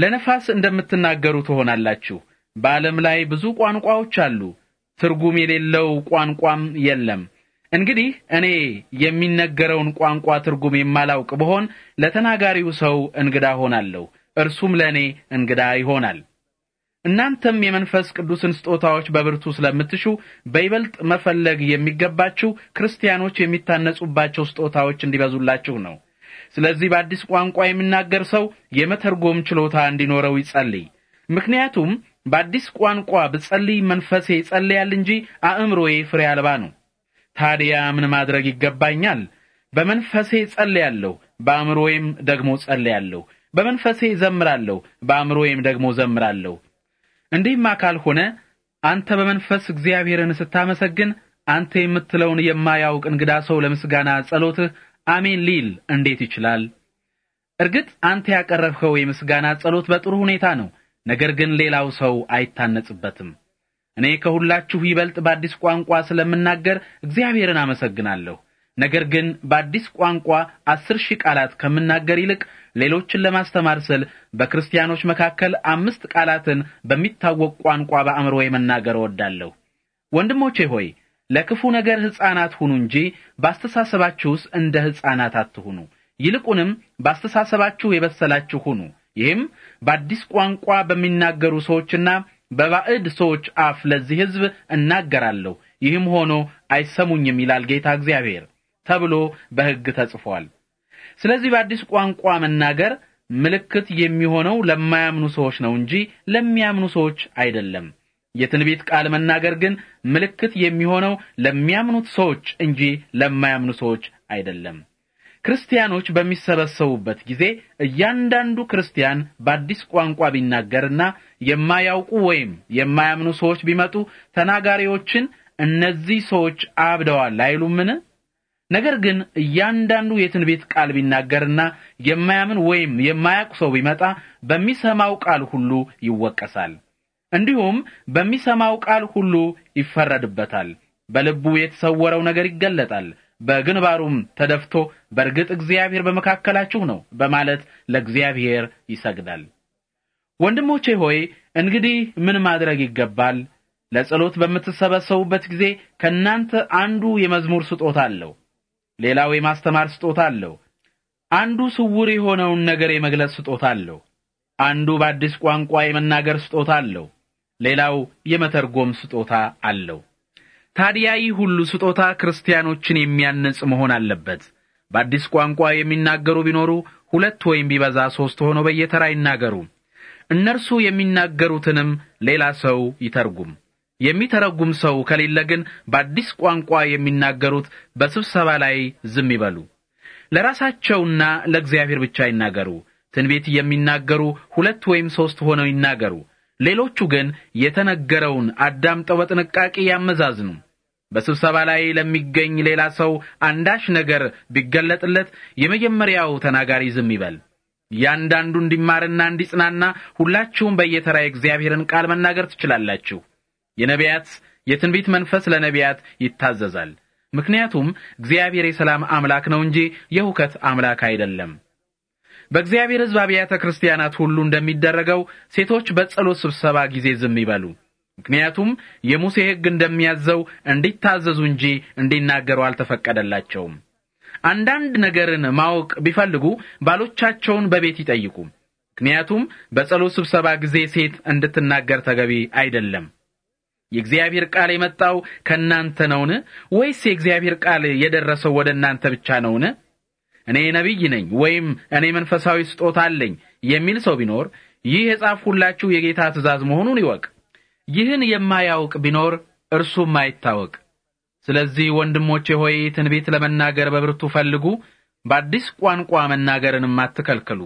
ለነፋስ እንደምትናገሩ ትሆናላችሁ። በዓለም ላይ ብዙ ቋንቋዎች አሉ፣ ትርጉም የሌለው ቋንቋም የለም። እንግዲህ እኔ የሚነገረውን ቋንቋ ትርጉም የማላውቅ ብሆን ለተናጋሪው ሰው እንግዳ ሆናለሁ፣ እርሱም ለእኔ እንግዳ ይሆናል። እናንተም የመንፈስ ቅዱስን ስጦታዎች በብርቱ ስለምትሹ በይበልጥ መፈለግ የሚገባችሁ ክርስቲያኖች የሚታነጹባቸው ስጦታዎች እንዲበዙላችሁ ነው። ስለዚህ በአዲስ ቋንቋ የሚናገር ሰው የመተርጎም ችሎታ እንዲኖረው ይጸልይ። ምክንያቱም በአዲስ ቋንቋ ብጸልይ መንፈሴ ይጸልያል እንጂ አእምሮዬ ፍሬ አልባ ነው። ታዲያ ምን ማድረግ ይገባኛል? በመንፈሴ ጸልያለሁ፣ በአእምሮዬም ደግሞ ጸልያለሁ። በመንፈሴ ዘምራለሁ፣ በአእምሮዬም ደግሞ ዘምራለሁ። እንዲህማ ካልሆነ አንተ በመንፈስ እግዚአብሔርን ስታመሰግን አንተ የምትለውን የማያውቅ እንግዳ ሰው ለምስጋና ጸሎትህ አሜን ሊል እንዴት ይችላል? እርግጥ አንተ ያቀረብኸው የምስጋና ጸሎት በጥሩ ሁኔታ ነው። ነገር ግን ሌላው ሰው አይታነጽበትም። እኔ ከሁላችሁ ይበልጥ በአዲስ ቋንቋ ስለምናገር እግዚአብሔርን አመሰግናለሁ። ነገር ግን በአዲስ ቋንቋ አስር ሺህ ቃላት ከምናገር ይልቅ ሌሎችን ለማስተማር ስል በክርስቲያኖች መካከል አምስት ቃላትን በሚታወቅ ቋንቋ በአእምሮ የመናገር እወዳለሁ። ወንድሞቼ ሆይ ለክፉ ነገር ሕፃናት ሁኑ እንጂ በአስተሳሰባችሁስ እንደ ሕፃናት አትሁኑ። ይልቁንም በአስተሳሰባችሁ የበሰላችሁ ሁኑ። ይህም በአዲስ ቋንቋ በሚናገሩ ሰዎችና በባዕድ ሰዎች አፍ ለዚህ ሕዝብ እናገራለሁ፣ ይህም ሆኖ አይሰሙኝም ይላል ጌታ እግዚአብሔር። ተብሎ በሕግ ተጽፏል። ስለዚህ በአዲስ ቋንቋ መናገር ምልክት የሚሆነው ለማያምኑ ሰዎች ነው እንጂ ለሚያምኑ ሰዎች አይደለም። የትንቢት ቃል መናገር ግን ምልክት የሚሆነው ለሚያምኑት ሰዎች እንጂ ለማያምኑ ሰዎች አይደለም። ክርስቲያኖች በሚሰበሰቡበት ጊዜ እያንዳንዱ ክርስቲያን በአዲስ ቋንቋ ቢናገርና የማያውቁ ወይም የማያምኑ ሰዎች ቢመጡ ተናጋሪዎችን እነዚህ ሰዎች አብደዋል አይሉምን? ነገር ግን እያንዳንዱ የትንቢት ቃል ቢናገርና የማያምን ወይም የማያውቅ ሰው ቢመጣ በሚሰማው ቃል ሁሉ ይወቀሳል፣ እንዲሁም በሚሰማው ቃል ሁሉ ይፈረድበታል። በልቡ የተሰወረው ነገር ይገለጣል፣ በግንባሩም ተደፍቶ በእርግጥ እግዚአብሔር በመካከላችሁ ነው በማለት ለእግዚአብሔር ይሰግዳል። ወንድሞቼ ሆይ እንግዲህ ምን ማድረግ ይገባል? ለጸሎት በምትሰበሰቡበት ጊዜ ከእናንተ አንዱ የመዝሙር ስጦታ አለው። ሌላው የማስተማር ስጦታ አለው። አንዱ ስውር የሆነውን ነገር የመግለጽ ስጦታ አለው። አንዱ በአዲስ ቋንቋ የመናገር ስጦታ አለው። ሌላው የመተርጎም ስጦታ አለው። ታዲያ ይህ ሁሉ ስጦታ ክርስቲያኖችን የሚያንጽ መሆን አለበት። በአዲስ ቋንቋ የሚናገሩ ቢኖሩ ሁለት ወይም ቢበዛ ሦስት ሆነው በየተራ ይናገሩ። እነርሱ የሚናገሩትንም ሌላ ሰው ይተርጉም። የሚተረጉም ሰው ከሌለ ግን በአዲስ ቋንቋ የሚናገሩት በስብሰባ ላይ ዝም ይበሉ። ለራሳቸውና ለእግዚአብሔር ብቻ ይናገሩ። ትንቢት የሚናገሩ ሁለት ወይም ሦስት ሆነው ይናገሩ። ሌሎቹ ግን የተነገረውን አዳምጠው በጥንቃቄ ያመዛዝኑ። በስብሰባ ላይ ለሚገኝ ሌላ ሰው አንዳች ነገር ቢገለጥለት የመጀመሪያው ተናጋሪ ዝም ይበል። እያንዳንዱ እንዲማርና እንዲጽናና ሁላችሁም በየተራ የእግዚአብሔርን ቃል መናገር ትችላላችሁ። የነቢያት የትንቢት መንፈስ ለነቢያት ይታዘዛል። ምክንያቱም እግዚአብሔር የሰላም አምላክ ነው እንጂ የሁከት አምላክ አይደለም። በእግዚአብሔር ሕዝብ አብያተ ክርስቲያናት ሁሉ እንደሚደረገው ሴቶች በጸሎት ስብሰባ ጊዜ ዝም ይበሉ። ምክንያቱም የሙሴ ሕግ እንደሚያዘው እንዲታዘዙ እንጂ እንዲናገሩ አልተፈቀደላቸውም። አንዳንድ ነገርን ማወቅ ቢፈልጉ ባሎቻቸውን በቤት ይጠይቁ። ምክንያቱም በጸሎት ስብሰባ ጊዜ ሴት እንድትናገር ተገቢ አይደለም። የእግዚአብሔር ቃል የመጣው ከእናንተ ነውን? ወይስ የእግዚአብሔር ቃል የደረሰው ወደ እናንተ ብቻ ነውን? እኔ ነቢይ ነኝ ወይም እኔ መንፈሳዊ ስጦታ አለኝ የሚል ሰው ቢኖር ይህ የጻፍሁላችሁ የጌታ ትእዛዝ መሆኑን ይወቅ። ይህን የማያውቅ ቢኖር እርሱም አይታወቅ። ስለዚህ ወንድሞቼ ሆይ ትንቢት ለመናገር በብርቱ ፈልጉ፣ በአዲስ ቋንቋ መናገርንም አትከልክሉ።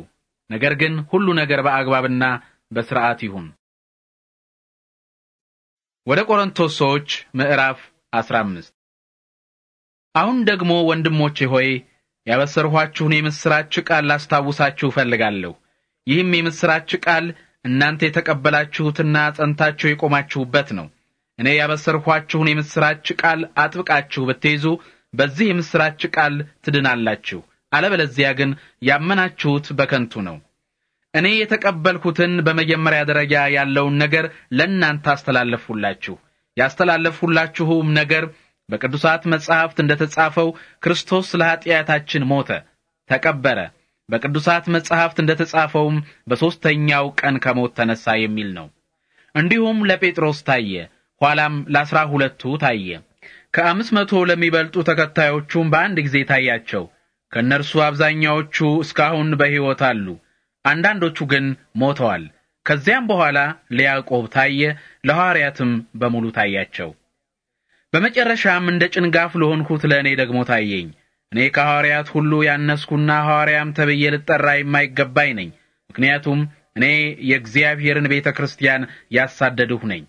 ነገር ግን ሁሉ ነገር በአግባብና በሥርዓት ይሁን። ወደ ቆሮንቶስ ሰዎች ምዕራፍ 15 አሁን ደግሞ ወንድሞቼ ሆይ ያበሰርኋችሁን የምስራች ቃል ላስታውሳችሁ እፈልጋለሁ። ይህም የምስራች ቃል እናንተ የተቀበላችሁትና ጸንታችሁ የቆማችሁበት ነው። እኔ ያበሰርኋችሁን የምስራች ቃል አጥብቃችሁ ብትይዙ በዚህ የምስራች ቃል ትድናላችሁ። አለበለዚያ ግን ያመናችሁት በከንቱ ነው። እኔ የተቀበልኩትን በመጀመሪያ ደረጃ ያለውን ነገር ለእናንተ አስተላለፍሁላችሁ። ያስተላለፍሁላችሁም ነገር በቅዱሳት መጻሕፍት ተጻፈው ክርስቶስ ስለ ኀጢአታችን ሞተ፣ ተቀበረ፣ በቅዱሳት መጻሕፍት ተጻፈውም በሦስተኛው ቀን ከሞት ተነሣ የሚል ነው። እንዲሁም ለጴጥሮስ ታየ፣ ኋላም ለዐሥራ ሁለቱ ታየ። ከአምስት መቶ ለሚበልጡ ተከታዮቹም በአንድ ጊዜ ታያቸው። ከእነርሱ አብዛኛዎቹ እስካሁን በሕይወት አሉ። አንዳንዶቹ ግን ሞተዋል። ከዚያም በኋላ ለያዕቆብ ታየ፣ ለሐዋርያትም በሙሉ ታያቸው። በመጨረሻም እንደ ጭንጋፍ ለሆንኩት ለእኔ ደግሞ ታየኝ። እኔ ከሐዋርያት ሁሉ ያነስኩና ሐዋርያም ተብዬ ልጠራ የማይገባኝ ነኝ። ምክንያቱም እኔ የእግዚአብሔርን ቤተ ክርስቲያን ያሳደድሁ ነኝ።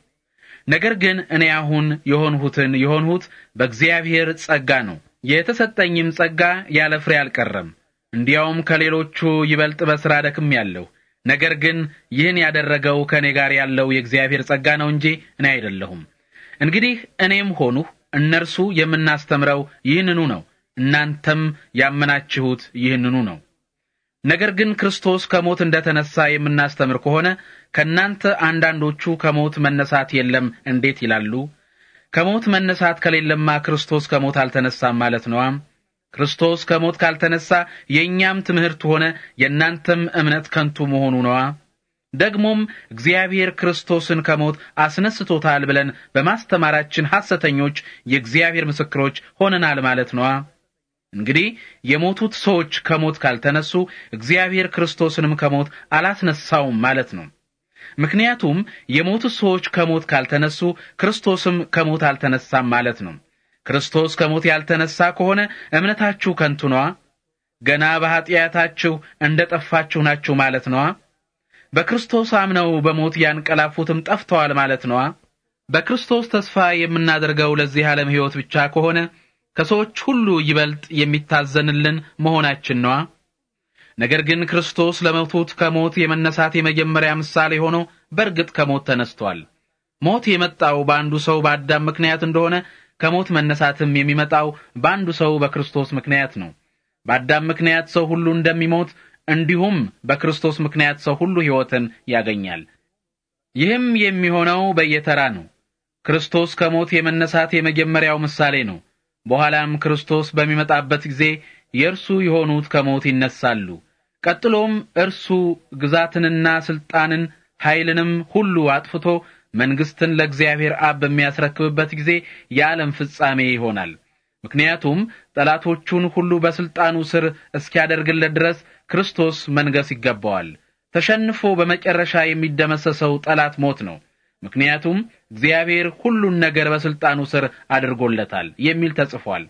ነገር ግን እኔ አሁን የሆንሁትን የሆንሁት በእግዚአብሔር ጸጋ ነው። የተሰጠኝም ጸጋ ያለ ፍሬ አልቀረም። እንዲያውም ከሌሎቹ ይበልጥ በሥራ ደክም ያለሁ። ነገር ግን ይህን ያደረገው ከእኔ ጋር ያለው የእግዚአብሔር ጸጋ ነው እንጂ እኔ አይደለሁም። እንግዲህ እኔም ሆኑ እነርሱ የምናስተምረው ይህንኑ ነው፣ እናንተም ያመናችሁት ይህንኑ ነው። ነገር ግን ክርስቶስ ከሞት እንደተነሳ የምናስተምር ከሆነ ከእናንተ አንዳንዶቹ ከሞት መነሳት የለም እንዴት ይላሉ? ከሞት መነሳት ከሌለማ ክርስቶስ ከሞት አልተነሳም ማለት ነዋ። ክርስቶስ ከሞት ካልተነሳ የእኛም ትምህርት ሆነ የእናንተም እምነት ከንቱ መሆኑ ነዋ። ደግሞም እግዚአብሔር ክርስቶስን ከሞት አስነስቶታል ብለን በማስተማራችን ሐሰተኞች የእግዚአብሔር ምስክሮች ሆነናል ማለት ነዋ። እንግዲህ የሞቱት ሰዎች ከሞት ካልተነሱ እግዚአብሔር ክርስቶስንም ከሞት አላስነሳውም ማለት ነው። ምክንያቱም የሞቱት ሰዎች ከሞት ካልተነሱ ክርስቶስም ከሞት አልተነሳም ማለት ነው። ክርስቶስ ከሞት ያልተነሳ ከሆነ እምነታችሁ ከንቱ ነዋ። ገና በኀጢአታችሁ እንደ ጠፋችሁ ናችሁ ማለት ነዋ። በክርስቶስ አምነው በሞት ያንቀላፉትም ጠፍተዋል ማለት ነዋ። በክርስቶስ ተስፋ የምናደርገው ለዚህ ዓለም ሕይወት ብቻ ከሆነ ከሰዎች ሁሉ ይበልጥ የሚታዘንልን መሆናችን ነዋ። ነገር ግን ክርስቶስ ለመቱት ከሞት የመነሳት የመጀመሪያ ምሳሌ ሆኖ በእርግጥ ከሞት ተነስቷል። ሞት የመጣው በአንዱ ሰው በአዳም ምክንያት እንደሆነ ከሞት መነሳትም የሚመጣው በአንዱ ሰው በክርስቶስ ምክንያት ነው። በአዳም ምክንያት ሰው ሁሉ እንደሚሞት እንዲሁም በክርስቶስ ምክንያት ሰው ሁሉ ሕይወትን ያገኛል። ይህም የሚሆነው በየተራ ነው። ክርስቶስ ከሞት የመነሳት የመጀመሪያው ምሳሌ ነው። በኋላም ክርስቶስ በሚመጣበት ጊዜ የእርሱ የሆኑት ከሞት ይነሳሉ። ቀጥሎም እርሱ ግዛትንና ስልጣንን ኃይልንም ሁሉ አጥፍቶ መንግስትን ለእግዚአብሔር አብ በሚያስረክብበት ጊዜ የዓለም ፍጻሜ ይሆናል። ምክንያቱም ጠላቶቹን ሁሉ በስልጣኑ ስር እስኪያደርግለት ድረስ ክርስቶስ መንገስ ይገባዋል። ተሸንፎ በመጨረሻ የሚደመሰሰው ጠላት ሞት ነው። ምክንያቱም እግዚአብሔር ሁሉን ነገር በስልጣኑ ስር አድርጎለታል የሚል ተጽፏል።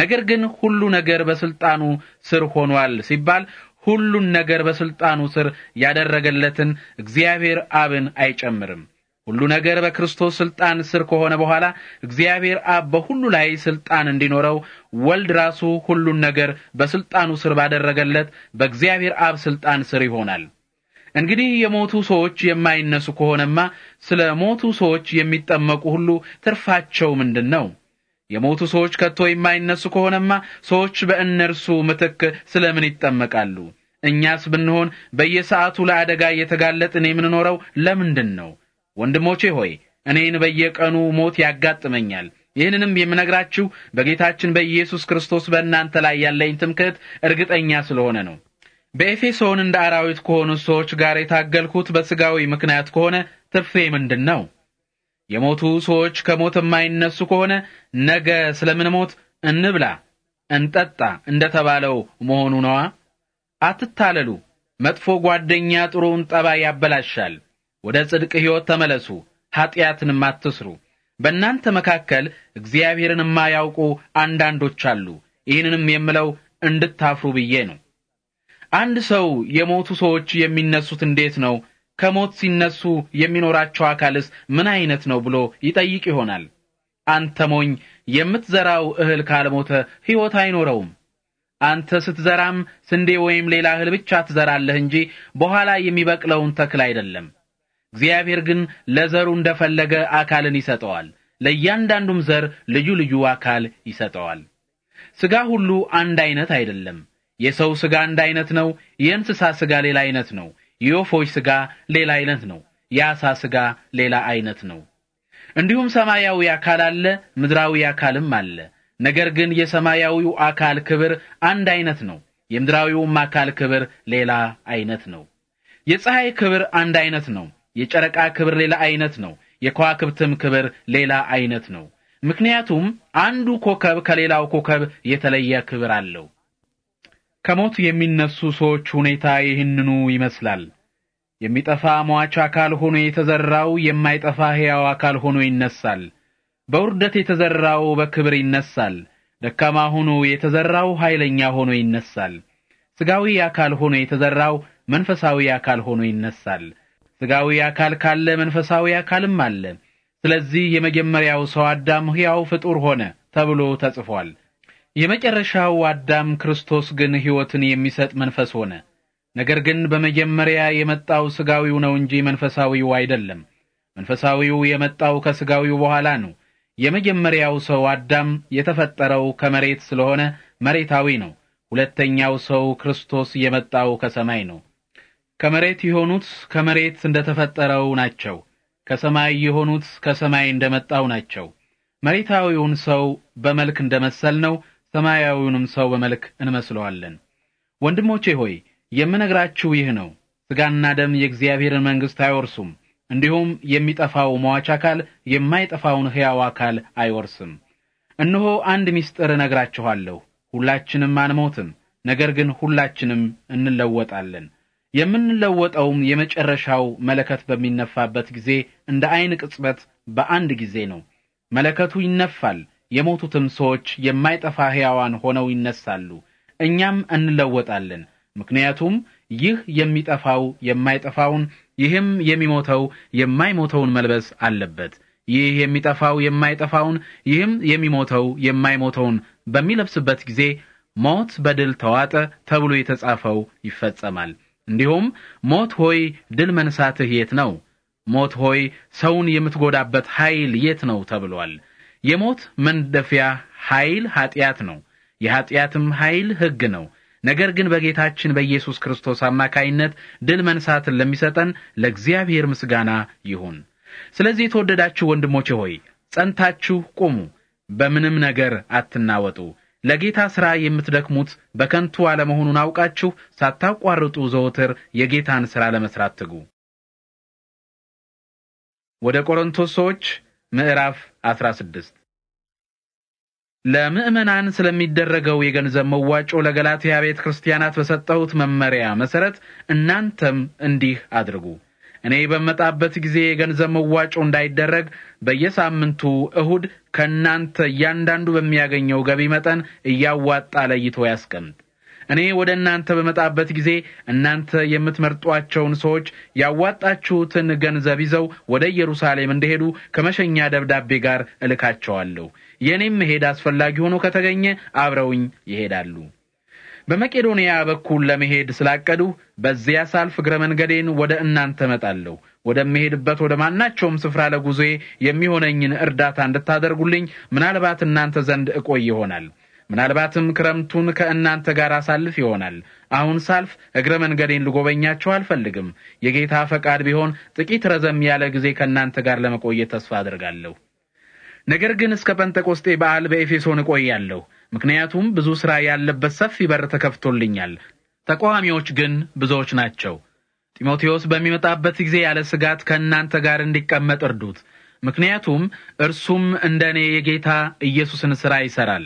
ነገር ግን ሁሉ ነገር በስልጣኑ ስር ሆኗል ሲባል ሁሉን ነገር በስልጣኑ ስር ያደረገለትን እግዚአብሔር አብን አይጨምርም። ሁሉ ነገር በክርስቶስ ስልጣን ስር ከሆነ በኋላ እግዚአብሔር አብ በሁሉ ላይ ስልጣን እንዲኖረው ወልድ ራሱ ሁሉን ነገር በስልጣኑ ስር ባደረገለት በእግዚአብሔር አብ ስልጣን ስር ይሆናል። እንግዲህ የሞቱ ሰዎች የማይነሱ ከሆነማ ስለ ሞቱ ሰዎች የሚጠመቁ ሁሉ ትርፋቸው ምንድን ነው? የሞቱ ሰዎች ከቶ የማይነሱ ከሆነማ ሰዎች በእነርሱ ምትክ ስለምን ይጠመቃሉ? እኛስ ብንሆን በየሰዓቱ ለአደጋ እየተጋለጥን የምንኖረው ለምንድን ነው? ወንድሞቼ ሆይ እኔን በየቀኑ ሞት ያጋጥመኛል። ይህንንም የምነግራችሁ በጌታችን በኢየሱስ ክርስቶስ በእናንተ ላይ ያለኝ ትምክህት እርግጠኛ ስለሆነ ነው። በኤፌሶን እንደ አራዊት ከሆኑ ሰዎች ጋር የታገልኩት በሥጋዊ ምክንያት ከሆነ ትርፌ ምንድን ነው? የሞቱ ሰዎች ከሞት የማይነሱ ከሆነ ነገ ስለምን ሞት እንብላ እንጠጣ እንደተባለው መሆኑ ነዋ። አትታለሉ። መጥፎ ጓደኛ ጥሩውን ጠባይ ያበላሻል። ወደ ጽድቅ ሕይወት ተመለሱ፣ ኀጢአትንም አትስሩ። በእናንተ መካከል እግዚአብሔርን የማያውቁ አንዳንዶች አሉ። ይህንንም የምለው እንድታፍሩ ብዬ ነው። አንድ ሰው የሞቱ ሰዎች የሚነሱት እንዴት ነው? ከሞት ሲነሱ የሚኖራቸው አካልስ ምን አይነት ነው ብሎ ይጠይቅ ይሆናል። አንተ ሞኝ፣ የምትዘራው እህል ካልሞተ ሕይወት አይኖረውም። አንተ ስትዘራም ስንዴ ወይም ሌላ እህል ብቻ ትዘራለህ እንጂ በኋላ የሚበቅለውን ተክል አይደለም። እግዚአብሔር ግን ለዘሩ እንደፈለገ አካልን ይሰጠዋል። ለእያንዳንዱም ዘር ልዩ ልዩ አካል ይሰጠዋል። ሥጋ ሁሉ አንድ አይነት አይደለም። የሰው ሥጋ አንድ አይነት ነው። የእንስሳ ሥጋ ሌላ አይነት ነው። የወፎች ሥጋ ሌላ አይነት ነው። የአሳ ሥጋ ሌላ አይነት ነው። እንዲሁም ሰማያዊ አካል አለ፣ ምድራዊ አካልም አለ። ነገር ግን የሰማያዊው አካል ክብር አንድ አይነት ነው። የምድራዊውም አካል ክብር ሌላ አይነት ነው። የፀሐይ ክብር አንድ አይነት ነው። የጨረቃ ክብር ሌላ አይነት ነው። የከዋክብትም ክብር ሌላ አይነት ነው። ምክንያቱም አንዱ ኮከብ ከሌላው ኮከብ የተለየ ክብር አለው። ከሞት የሚነሱ ሰዎች ሁኔታ ይህንኑ ይመስላል። የሚጠፋ ሟች አካል ሆኖ የተዘራው የማይጠፋ ሕያው አካል ሆኖ ይነሳል። በውርደት የተዘራው በክብር ይነሳል። ደካማ ሆኖ የተዘራው ኃይለኛ ሆኖ ይነሳል። ሥጋዊ አካል ሆኖ የተዘራው መንፈሳዊ አካል ሆኖ ይነሳል። ሥጋዊ አካል ካለ መንፈሳዊ አካልም አለ። ስለዚህ የመጀመሪያው ሰው አዳም ሕያው ፍጡር ሆነ ተብሎ ተጽፏል። የመጨረሻው አዳም ክርስቶስ ግን ሕይወትን የሚሰጥ መንፈስ ሆነ። ነገር ግን በመጀመሪያ የመጣው ሥጋዊው ነው እንጂ መንፈሳዊው አይደለም። መንፈሳዊው የመጣው ከሥጋዊው በኋላ ነው። የመጀመሪያው ሰው አዳም የተፈጠረው ከመሬት ስለሆነ መሬታዊ ነው። ሁለተኛው ሰው ክርስቶስ የመጣው ከሰማይ ነው። ከመሬት የሆኑት ከመሬት እንደተፈጠረው ናቸው። ከሰማይ የሆኑት ከሰማይ እንደመጣው ናቸው። መሬታዊውን ሰው በመልክ ነው ሰማያዊውንም ሰው በመልክ እንመስለዋለን። ወንድሞቼ ሆይ የምነግራችሁ ይህ ነው፣ ሥጋና ደም የእግዚአብሔርን መንግሥት አይወርሱም፣ እንዲሁም የሚጠፋው መዋች አካል የማይጠፋውን ሕያው አካል አይወርስም። እነሆ አንድ ምስጢር እነግራችኋለሁ፣ ሁላችንም አንሞትም፣ ነገር ግን ሁላችንም እንለወጣለን የምንለወጠውም የመጨረሻው መለከት በሚነፋበት ጊዜ እንደ አይን ቅጽበት በአንድ ጊዜ ነው። መለከቱ ይነፋል። የሞቱትም ሰዎች የማይጠፋ ሕያዋን ሆነው ይነሳሉ። እኛም እንለወጣለን። ምክንያቱም ይህ የሚጠፋው የማይጠፋውን ይህም የሚሞተው የማይሞተውን መልበስ አለበት። ይህ የሚጠፋው የማይጠፋውን ይህም የሚሞተው የማይሞተውን በሚለብስበት ጊዜ ሞት በድል ተዋጠ ተብሎ የተጻፈው ይፈጸማል። እንዲሁም ሞት ሆይ ድል መንሳትህ የት ነው? ሞት ሆይ ሰውን የምትጎዳበት ኃይል የት ነው ተብሏል። የሞት መንደፊያ ኃይል ኃጢአት ነው። የኃጢአትም ኃይል ሕግ ነው። ነገር ግን በጌታችን በኢየሱስ ክርስቶስ አማካይነት ድል መንሳትን ለሚሰጠን ለእግዚአብሔር ምስጋና ይሁን። ስለዚህ የተወደዳችሁ ወንድሞቼ ሆይ ጸንታችሁ ቁሙ፣ በምንም ነገር አትናወጡ። ለጌታ ሥራ የምትደክሙት በከንቱ አለመሆኑን አውቃችሁ ሳታቋርጡ ዘወትር የጌታን ሥራ ለመስራት ትጉ። ወደ ቆሮንቶስ ሰዎች ምዕራፍ 16 ለምዕመናን ስለሚደረገው የገንዘብ መዋጮ ለገላትያ ቤተ ክርስቲያናት በሰጠሁት መመሪያ መሰረት እናንተም እንዲህ አድርጉ። እኔ በመጣበት ጊዜ የገንዘብ መዋጮ እንዳይደረግ በየሳምንቱ እሁድ ከእናንተ እያንዳንዱ በሚያገኘው ገቢ መጠን እያዋጣ ለይቶ ያስቀምጥ። እኔ ወደ እናንተ በመጣበት ጊዜ እናንተ የምትመርጧቸውን ሰዎች ያዋጣችሁትን ገንዘብ ይዘው ወደ ኢየሩሳሌም እንዲሄዱ ከመሸኛ ደብዳቤ ጋር እልካቸዋለሁ። የእኔም መሄድ አስፈላጊ ሆኖ ከተገኘ አብረውኝ ይሄዳሉ። በመቄዶንያ በኩል ለመሄድ ስላቀዱ በዚያ ሳልፍ እግረ መንገዴን ወደ እናንተ መጣለሁ ወደምሄድበት ወደ ማናቸውም ስፍራ ለጉዞ የሚሆነኝን እርዳታ እንድታደርጉልኝ ምናልባት እናንተ ዘንድ እቆይ ይሆናል። ምናልባትም ክረምቱን ከእናንተ ጋር አሳልፍ ይሆናል። አሁን ሳልፍ እግረ መንገዴን ልጎበኛቸው አልፈልግም። የጌታ ፈቃድ ቢሆን ጥቂት ረዘም ያለ ጊዜ ከእናንተ ጋር ለመቆየት ተስፋ አድርጋለሁ። ነገር ግን እስከ ጴንጠቆስጤ በዓል በኤፌሶን እቆያለሁ። ምክንያቱም ብዙ ሥራ ያለበት ሰፊ በር ተከፍቶልኛል። ተቃዋሚዎች ግን ብዙዎች ናቸው። ጢሞቴዎስ በሚመጣበት ጊዜ ያለ ስጋት ከእናንተ ጋር እንዲቀመጥ እርዱት። ምክንያቱም እርሱም እንደ እኔ የጌታ ኢየሱስን ሥራ ይሠራል።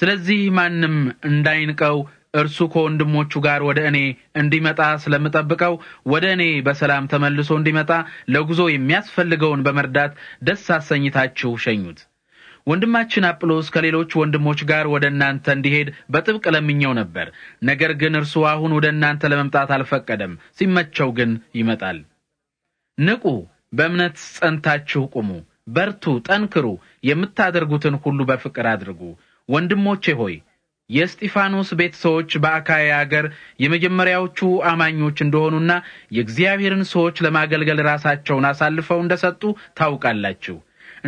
ስለዚህ ማንም እንዳይንቀው እርሱ ከወንድሞቹ ጋር ወደ እኔ እንዲመጣ ስለምጠብቀው ወደ እኔ በሰላም ተመልሶ እንዲመጣ ለጉዞ የሚያስፈልገውን በመርዳት ደስ አሰኝታችሁ ሸኙት። ወንድማችን አጵሎስ ከሌሎች ወንድሞች ጋር ወደ እናንተ እንዲሄድ በጥብቅ ለምኘው ነበር። ነገር ግን እርሱ አሁን ወደ እናንተ ለመምጣት አልፈቀደም። ሲመቸው ግን ይመጣል። ንቁ፣ በእምነት ጸንታችሁ ቁሙ። በርቱ፣ ጠንክሩ። የምታደርጉትን ሁሉ በፍቅር አድርጉ። ወንድሞቼ ሆይ የእስጢፋኖስ ቤት ሰዎች በአካያ አገር የመጀመሪያዎቹ አማኞች እንደሆኑና የእግዚአብሔርን ሰዎች ለማገልገል ራሳቸውን አሳልፈው እንደሰጡ ታውቃላችሁ።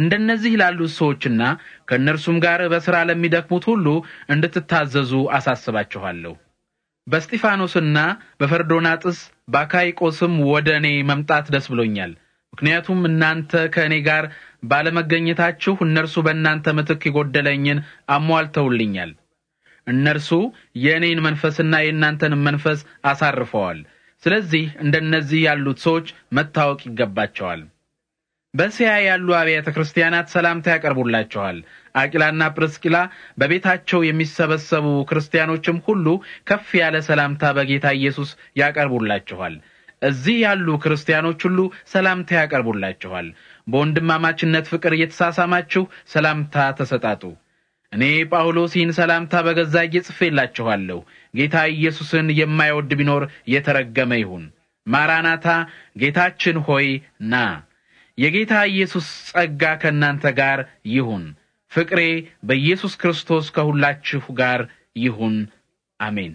እንደነዚህ ላሉት ሰዎችና ከእነርሱም ጋር በሥራ ለሚደክሙት ሁሉ እንድትታዘዙ አሳስባችኋለሁ። በስጢፋኖስና በፈርዶናጥስ በአካይቆስም ወደ እኔ መምጣት ደስ ብሎኛል። ምክንያቱም እናንተ ከእኔ ጋር ባለመገኘታችሁ እነርሱ በእናንተ ምትክ የጎደለኝን አሟልተውልኛል። እነርሱ የእኔን መንፈስና የእናንተንም መንፈስ አሳርፈዋል። ስለዚህ እንደነዚህ ያሉት ሰዎች መታወቅ ይገባቸዋል። በእስያ ያሉ አብያተ ክርስቲያናት ሰላምታ ያቀርቡላቸዋል። አቂላና ጵርስቂላ በቤታቸው የሚሰበሰቡ ክርስቲያኖችም ሁሉ ከፍ ያለ ሰላምታ በጌታ ኢየሱስ ያቀርቡላችኋል። እዚህ ያሉ ክርስቲያኖች ሁሉ ሰላምታ ያቀርቡላችኋል። በወንድማማችነት ፍቅር እየተሳሳማችሁ ሰላምታ ተሰጣጡ። እኔ ጳውሎስ ይህን ሰላምታ በገዛ እጄ ጽፌላችኋለሁ። ጌታ ኢየሱስን የማይወድ ቢኖር የተረገመ ይሁን። ማራናታ ጌታችን ሆይ ና። የጌታ ኢየሱስ ጸጋ ከእናንተ ጋር ይሁን። ፍቅሬ በኢየሱስ ክርስቶስ ከሁላችሁ ጋር ይሁን። አሜን።